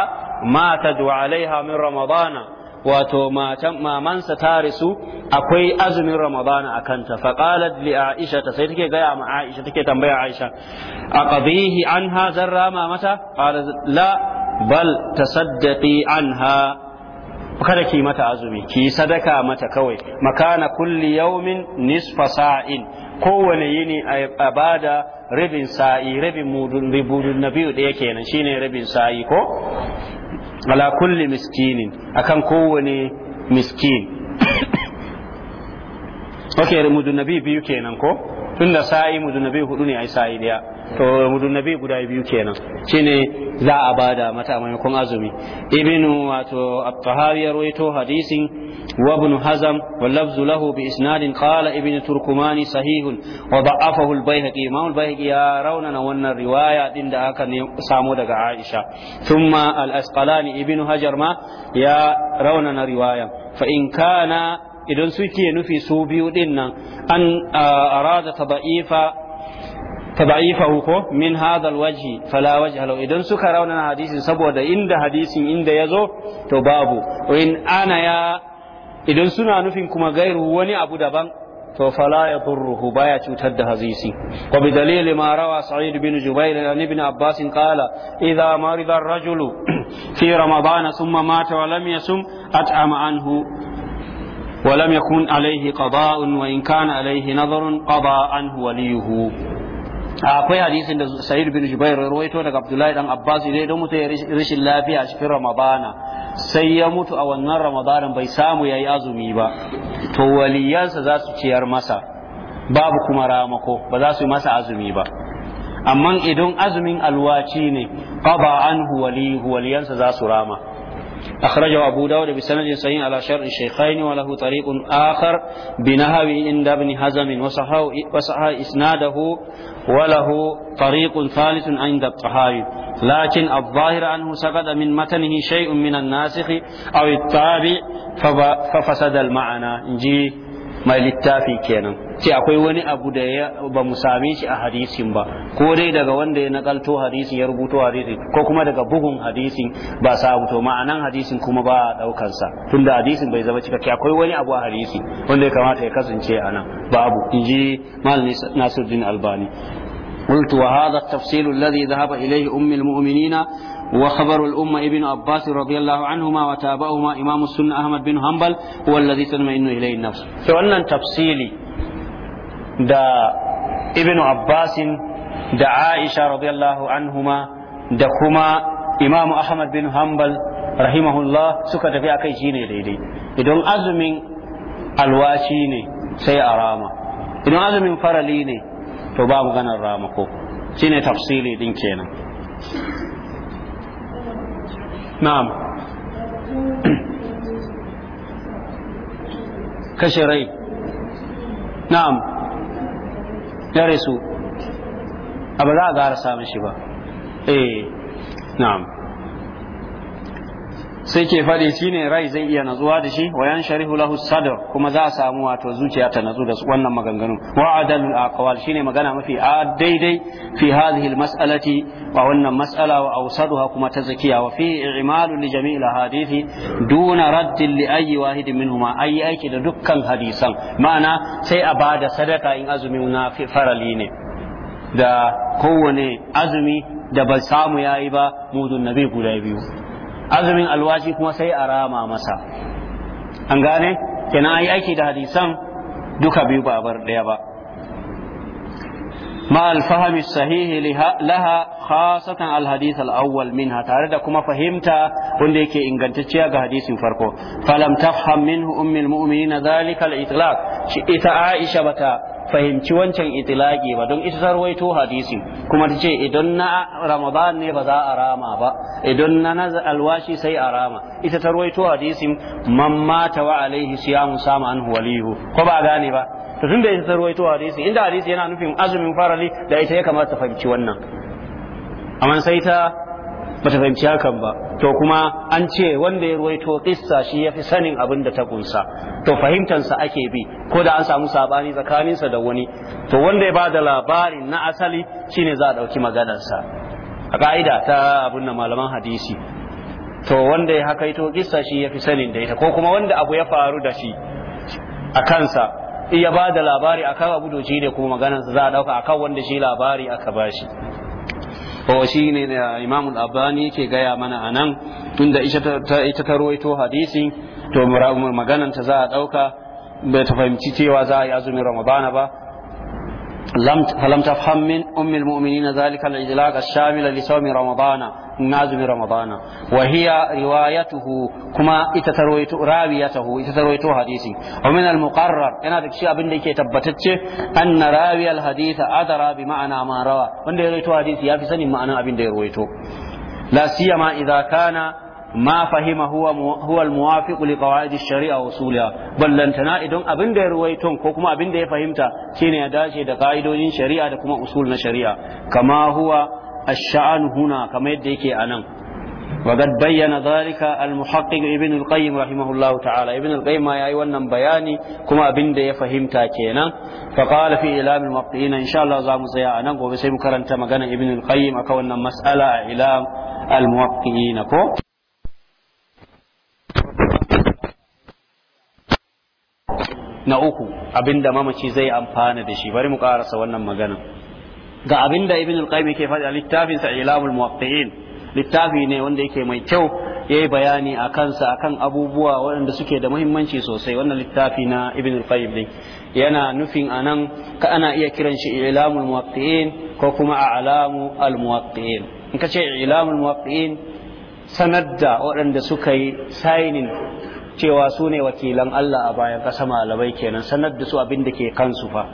ma tadu alaiha min ramadana wato mamansa ta risu akwai azumin ramadana a kanta faƙalat li aisha ta sai take gaya aisha take tambaya aisha a qabihi anha zarra mata qala la bal tasaddaqi anha kada ki mata azumi ki sadaka mata kawai makana kulli yaumin nisfa sa'in kowane yini a bada rabin sa'i rabin mudun ribudun na biyu ɗaya kenan shine rabin sa'i ko ala kulli miskinin akan kowane miskin *coughs* ok mudun nabiyu biyu kenan ko tunda sa'i mudun nabiyu biyu hudu ne ai sa'i daya to mudunnabi guda biyu kenan shine za a bada mata maimakon azumi ibnu wato at-tahawi ya hadisin wa ibn hazam wa lafzu lahu bi isnadin qala ibnu turkumani sahihun wa da'afahu al-baihaqi imam al-baihaqi ya raunana wannan riwaya din da aka ne samo daga aisha thumma al-asqalani ibnu hajar ma ya raunana riwaya fa in kana idan suke nufi su biyu din nan an arada tadaifa tadaifahu ko min hadha alwajhi fala wajha lahu idan suka raunana hadisin saboda inda hadisin inda yazo to babu wa in ana ya idan suna nufin kuma gairu wani abu daban to fala yadurruhu baya cutar da hadisi wa bi dalili ma rawa sa'id bin jubair an ibn abbas qala idha marida ar-rajulu *clears throat* fi ramadana thumma mata wa lam yasum at'ama anhu ولم يكن عليه قضاء وإن كان عليه نظر قضى عنه وليه akwai hadisin da sa'id bin jubair rawaito daga abdullahi dan abbas ne don mutu ya rashin lafiya a cikin ramadana sai ya mutu a wannan ramadanan bai samu yayi azumi ba to waliyansa za su ciyar masa babu kuma ramako ba za su yi masa azumi ba amma idan azumin alwaci ne qaba anhu walihu waliyansa za su rama أخرجه أبو داود بسند صحيح على شرط الشيخين وله طريق آخر بنهو عند ابن هزم وصحى إسناده وله طريق ثالث عند الطحاوي لكن الظاهر أنه سقط من متنه شيء من الناسخ أو التابع ففسد المعنى جي mai littafi kenan ce akwai wani abu da ba mu same shi a hadisin ba ko dai daga wanda ya nakalto hadisin ya rubuto hadisin ko kuma daga bugun hadisin ba sa to ma'anan hadisin kuma ba daukar sa tunda hadisin bai zama cikakke akwai wani abu a hadisi wanda ya kamata ya kasance a nan babu inji mal nasiruddin albani قلت وهذا التفصيل الذي ذهب إليه أم المؤمنين وخبر الأمة ابن عباس رضي الله عنهما وتابعهما إمام السنة أحمد بن حنبل هو الذي تطمئن إليه النفس فأنا تفصيلي دا ابن عباس دا عائشة رضي الله عنهما دا كما إمام أحمد بن حنبل رحمه الله سكت في أكي شيني ليدي إذن أزمين الواشيني سي أراما إذن أزمين فرليني to ba maganar ramako shine tafsili din kenan na'am kashe rai na'am ya resu a ba za a gara samun shi ba na'am sai ke faɗi shine rai zai iya natsuwa da shi wayan yansharihu lahu sadr kuma za a samu wato zuciya ta natsu da wannan maganganun wa adalul aqwal shine magana mafi daidai fi hadhihi al mas'alati wa wannan mas'ala wa awsaduha kuma ta zakiya wa fi i'malu li jami'i hadithi duna raddin li ayyi wahidin minhuma ayi aiki da dukkan hadisan ma'ana sai a bada sadaka in azumi na farali ne da kowane azumi da ba samu yayi ba mudun nabi guda biyu azumin alwashi kuma sai a rama masa an gane kenan aiki da hadisan duka biyu ba bar daya ba ma alfahami sahihi laha khasatan alhadith alawwal minha tare da kuma fahimta wanda yake ingantacciya ga hadisin farko falam tafham minhu ummul mu'minin dhalika alitlaq ita aisha bata fahimci wancan itilaki ba don ita tarwaito hadisi kuma ta ce idan na ramadan ne ba za a rama ba idan na naza alwashi sai a rama ita tarwaito hadisi man mata wa alaihi siyamu sama an walihu ko ba gane ba to tunda ita tarwaito hadisi inda hadisi yana nufin azumin farali da ita ya kamata ta fahimci wannan amma sai ta bata fahimci hakan ba to kuma an ce wanda ya ruwaito kissa shi yafi sanin abin da ta kunsa to fahimtansa ake bi ko da an samu sabani tsakaninsa da wani to wanda ya bada labarin na asali shine za a ɗauki maganarsa a ka'ida ta abin da malaman hadisi to wanda ya ito kissa shi yafi sanin da ita ko kuma wanda abu ya faru da shi a kansa iya ba labari akan abu ne kuma maganarsa za a ɗauka akan wanda shi labari aka bashi wa shi ne da eh, imamu abani yake gaya mana a nan tunda ita ta roito hadisi to maganan ta za a ɗauka bai ta fahimci cewa za a yi azumin ramadana ba لم فلم تفهم من أم المؤمنين ذلك الإدلاق الشامل لصوم رمضان نازم رمضان وهي روايته كما اتترويت راويته اتترويته حديثي ومن المقرر أنا بكشي أبن لكي تبتتش أن راوي الحديث أدرى بمعنى ما روى وأن يرويته حديثي يافي سني معنى أبن يرويته لا سيما إذا كان ma fahima huwa huwa almuwafiq li qawaid ash-shari'a wa usuliha ballantana idan abin da ya ruwaiton ko kuma abin da ya fahimta ne ya dace da ka'idojin shari'a da kuma usul na shari'a kama huwa ash huna kama yadda yake anan وقد بين ذلك المحقق ابن القيم رحمه الله تعالى ابن القيم ما يأي ونن بياني كما ابن دي فهمتا كينا فقال في إعلام الموقعين إن شاء الله mu زياء نقو بسيم كرنت wannan ابن a أكونا مسألة إعلام الموقعين ko. na uku abinda mamaci zai amfana da shi bari mu karasa wannan magana ga abinda ibn al-qayyim yake faɗi a littafin sa ilamul muwaqqi'in littafi ne wanda yake mai kyau yayi bayani a kansa akan abubuwa waɗanda suke da muhimmanci sosai wannan littafi na ibn al-qayyim din yana nufin anan ka ana iya kiran shi ilamul muwaqqi'in ko kuma a'lamu al-muwaqqi'in in ka ce ilamul muwaqqi'in sanar da waɗanda suka yi signing cewa su ne wakilan Allah a bayan ƙasa malamai kenan sanar da su abin da ke kansu fa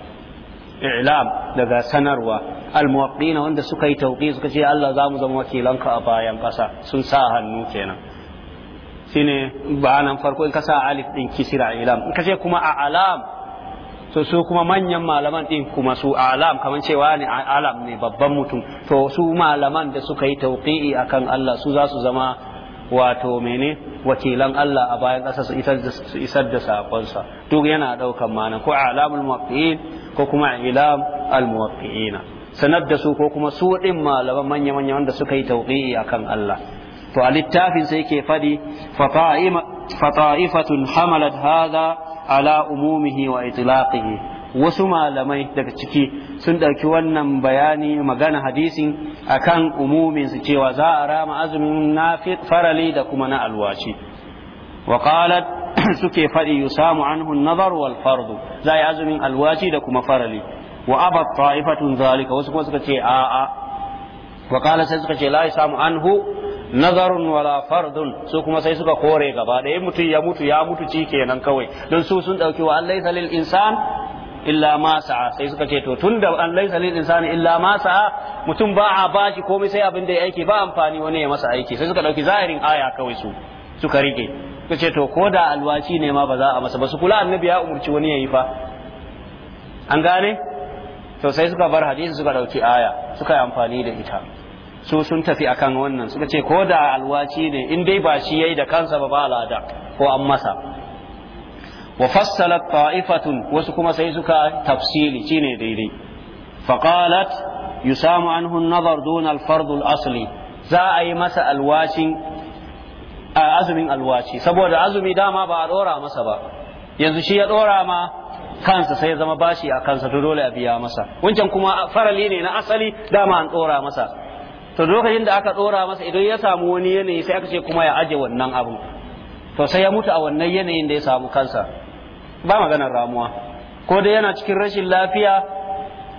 i'lam daga sanarwa almuwaqqina wanda suka yi tauqi suka ce Allah za mu zama wakilanka a bayan ƙasa sun sa hannu kenan shine nan farko in ka sa alif din kisira ilam in ka ce kuma a alam to su kuma manyan malaman din kuma su alam kamar cewa ne alam ne babban mutum to su malaman da suka yi tauqi'i akan Allah su za su zama wato mene wakilan Allah a bayan ƙasa su isar da saƙonsa duk yana ɗaukan mana ko alamul muwaqqi'in ko kuma ilam al muwaqqi'ina sanar da su ko kuma su ɗin malaman manya manya wanda suka yi tauqi'i akan Allah to a littafin sai yake fadi fa ta'ifatun hamalat hadha ala umumihi wa itlaqihi wasu malamai daga ciki sun ɗauki wannan bayani magana hadisin akan umumin su cewa za a rama azumin na farali da kuma na alwashi wa qalat *clears throat* suke faɗi yusamu anhu nazar wal fardu za yi azumin alwashi da kuma farali wa abat ta'ifatun zalika wasu kuma suka ce a a wa qala sai suka ce la yusamu anhu nazarun wala fardun su kuma sai suka kore gaba ɗaya mutum ya mutu ya mutu cikenan kawai don su sun ɗauki wa allai lil insan illa ma sa'a sai suka ce to tunda an laisa lil insani illa ma sa'a mutum ba a bashi komai sai abin da ya aiki ba amfani wani ya masa aiki sai suka dauki zahirin aya kawai su suka rike suka ce to ko da alwaci ne ma ba za a masa ba su kula annabi ya umurci wani yayi fa an gane to sai suka bar hadisi suka dauki aya suka yi amfani da ita su sun tafi akan wannan suka ce ko da alwaci ne in dai ba shi yayi da kansa ba ba al'ada ko an masa wa fassalat ta'ifatun wasu kuma sai suka tafsiri shine daidai faqalat yusamu anhu an-nazar duna al-fard al-asli za a yi masa alwashin azumin alwashi saboda azumi dama ba a dora masa ba yanzu shi ya dora ma kansa sai ya zama bashi a kansa to dole a biya masa wancan kuma farali ne na asali dama an dora masa to lokacin da aka dora masa idan ya samu wani yanayi sai aka ce kuma ya aje wannan abu to sai ya mutu a wannan yanayin da ya samu kansa ba maganar ramuwa ko dai yana cikin rashin lafiya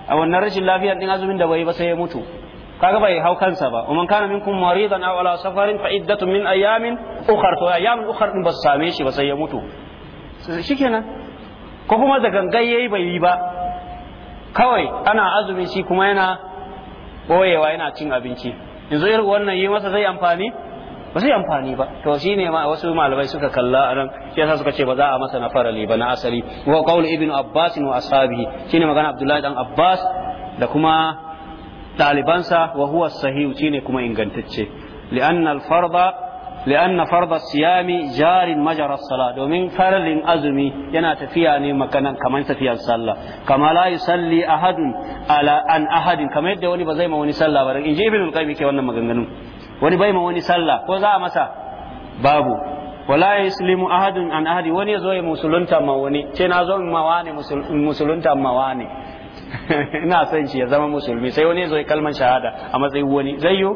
a wannan rashin lafiya din azumin da bai ba sai ya mutu kaga bai hau kansa ba umman kana minkum maridan aw ala safarin fa iddatu min ayamin ukhra to ayamin ukhra din ba same shi ba sai ya mutu shikenan ko kuma da gangan yayi bai yi ba kawai ana azumin shi kuma yana boyewa yana cin abinci yanzu irin wannan yi masa zai amfani ba yi amfani ba to shi ne wasu malamai suka kalla a nan shi yasa suka ce ba za a masa na farali ba na asali wa qawl ibnu abbas wa ashabihi shine magana abdullahi dan abbas da kuma talibansa wa huwa sahihu shine kuma ingantacce li'anna al-farda jarin majara as-sala domin faralin azumi yana tafiya ne makanan kaman tafiyar sallah kama la yusalli ahadun ala an ahadin kamar yadda wani ba zai ma wani sallah ba in ji ibnu al-qayyim ke wannan maganganun wani bai ma wani sallah ko za a masa babu wala yuslimu ahadun an ahadi wani zo ya musulunta ma wani ce na zo ma wani musulunta ma wani *laughs* ina son shi ya zama musulmi sai wani zo ya kalmar shahada a matsayin wani zai yiwu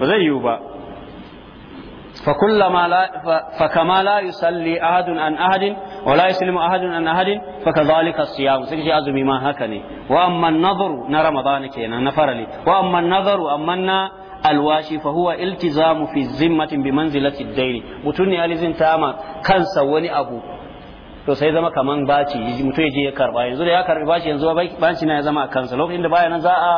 ba zai yiwu ba فكلما لا فكما لا يصلي احد عن احد ولا azumi ma haka ne. Wa الصيام سكي ازمي ما هكني kenan na نا رمضان كينا نفرلي واما amma na. alwashi fa huwa iltizamu fi zimmatin bi manzilati daini mutum ne ya lizinta ma kansa wani abu to sai zama kaman baci mutum ya je ya karba yanzu da ya karbi baci yanzu baci na ya zama a kansa lokacin da baya nan za a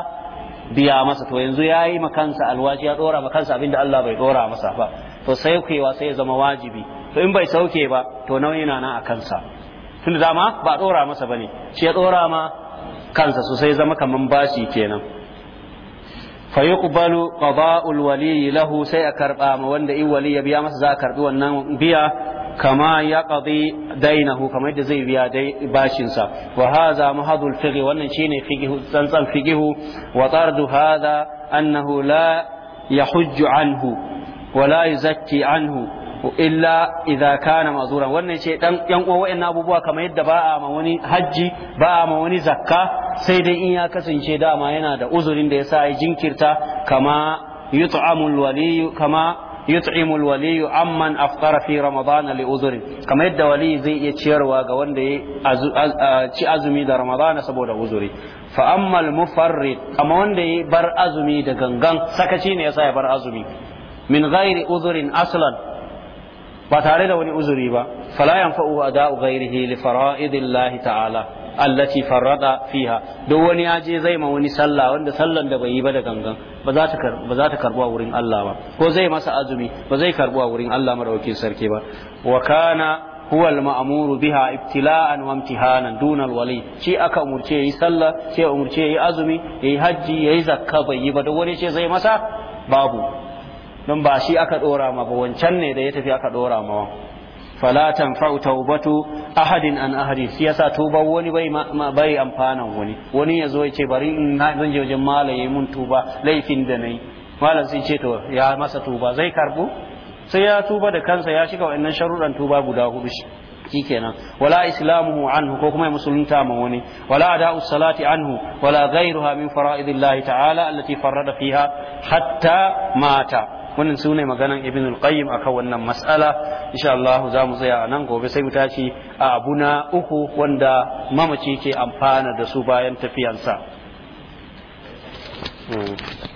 biya masa to yanzu ya yi kansa alwashi ya dora kansa abinda Allah bai dora masa ba to sai kuwa sai ya zama wajibi to in bai sauke ba to nauyi na nan a kansa tunda dama ba dora masa bane shi ya dora ma kansa so sai zama kaman bashi kenan fa yuqbalu qada'ul waliyi lahu sai a karba ma wanda in wali ya biya masa za a karbi wannan biya kama ya qadi dainahu kamar da zai biya bashin sa wa hadha mahadul fiqh wannan shine fiqh tsantsan fiqh wa tardu hadha annahu la yahujju anhu wala la yuzakki anhu illa idza kana mazura wannan ce dan yan uwa wayannan abubuwa kamar yadda ba a ma wani hajji ba a ma wani zakka sai dai in ya kasance dama yana da uzurin da yasa ya jinkirta kama yut'amul waliyu kama yut'imu al amman aftara fi ramadan li uzuri kama yadda wali zai iya ciyarwa ga wanda ya ci azumi da ramadan saboda uzuri fa Ammal al-mufarrid amma wanda ya bar azumi da gangan sakaci ne yasa ya bar azumi min ghairi uzurin aslan ba tare da wani uzuri ba fala yanfa'u ada'u hili li fara'idillahi ta'ala allati farrada fiha duk wani ya je zai ma wani sallah wanda sallan da bai yi ba da gangan ba za ta ba za ta a wurin Allah ba ko zai masa azumi ba zai karbu a wurin Allah madaukakin sarki ba wa kana huwa al-ma'muru biha ibtila'an wa imtihanan duna al-wali shi aka umurce yayi sallah sai umurce yayi azumi yayi hajji yayi zakka bai yi ba duk wani ce zai masa babu don ba shi aka dora ma ba wancan ne da ya tafi aka dora ma fala tanfa'u taubatu ahadin an ahadin shi yasa tuban wani bai bai amfanan wani wani ya zo ya ce bari in na zan je wajen malaye mun tuba laifin da nayi malam sai ce to ya masa tuba zai karbu sai ya tuba da kansa ya shiga wa'annan sharuɗan tuba guda hudu shi shikenan wala islamu anhu ko kuma musulunta ma wani wala ada'u salati anhu wala ghayruha min fara'idillah ta'ala allati farrada fiha hatta mata wannan sune maganan ibn al-qayyim akan wannan mas'ala insha Allah za mu tsaya nan gobe sai mu tashi a abu na uku wanda mamaci ke amfana da su bayan tafiyansa hmm.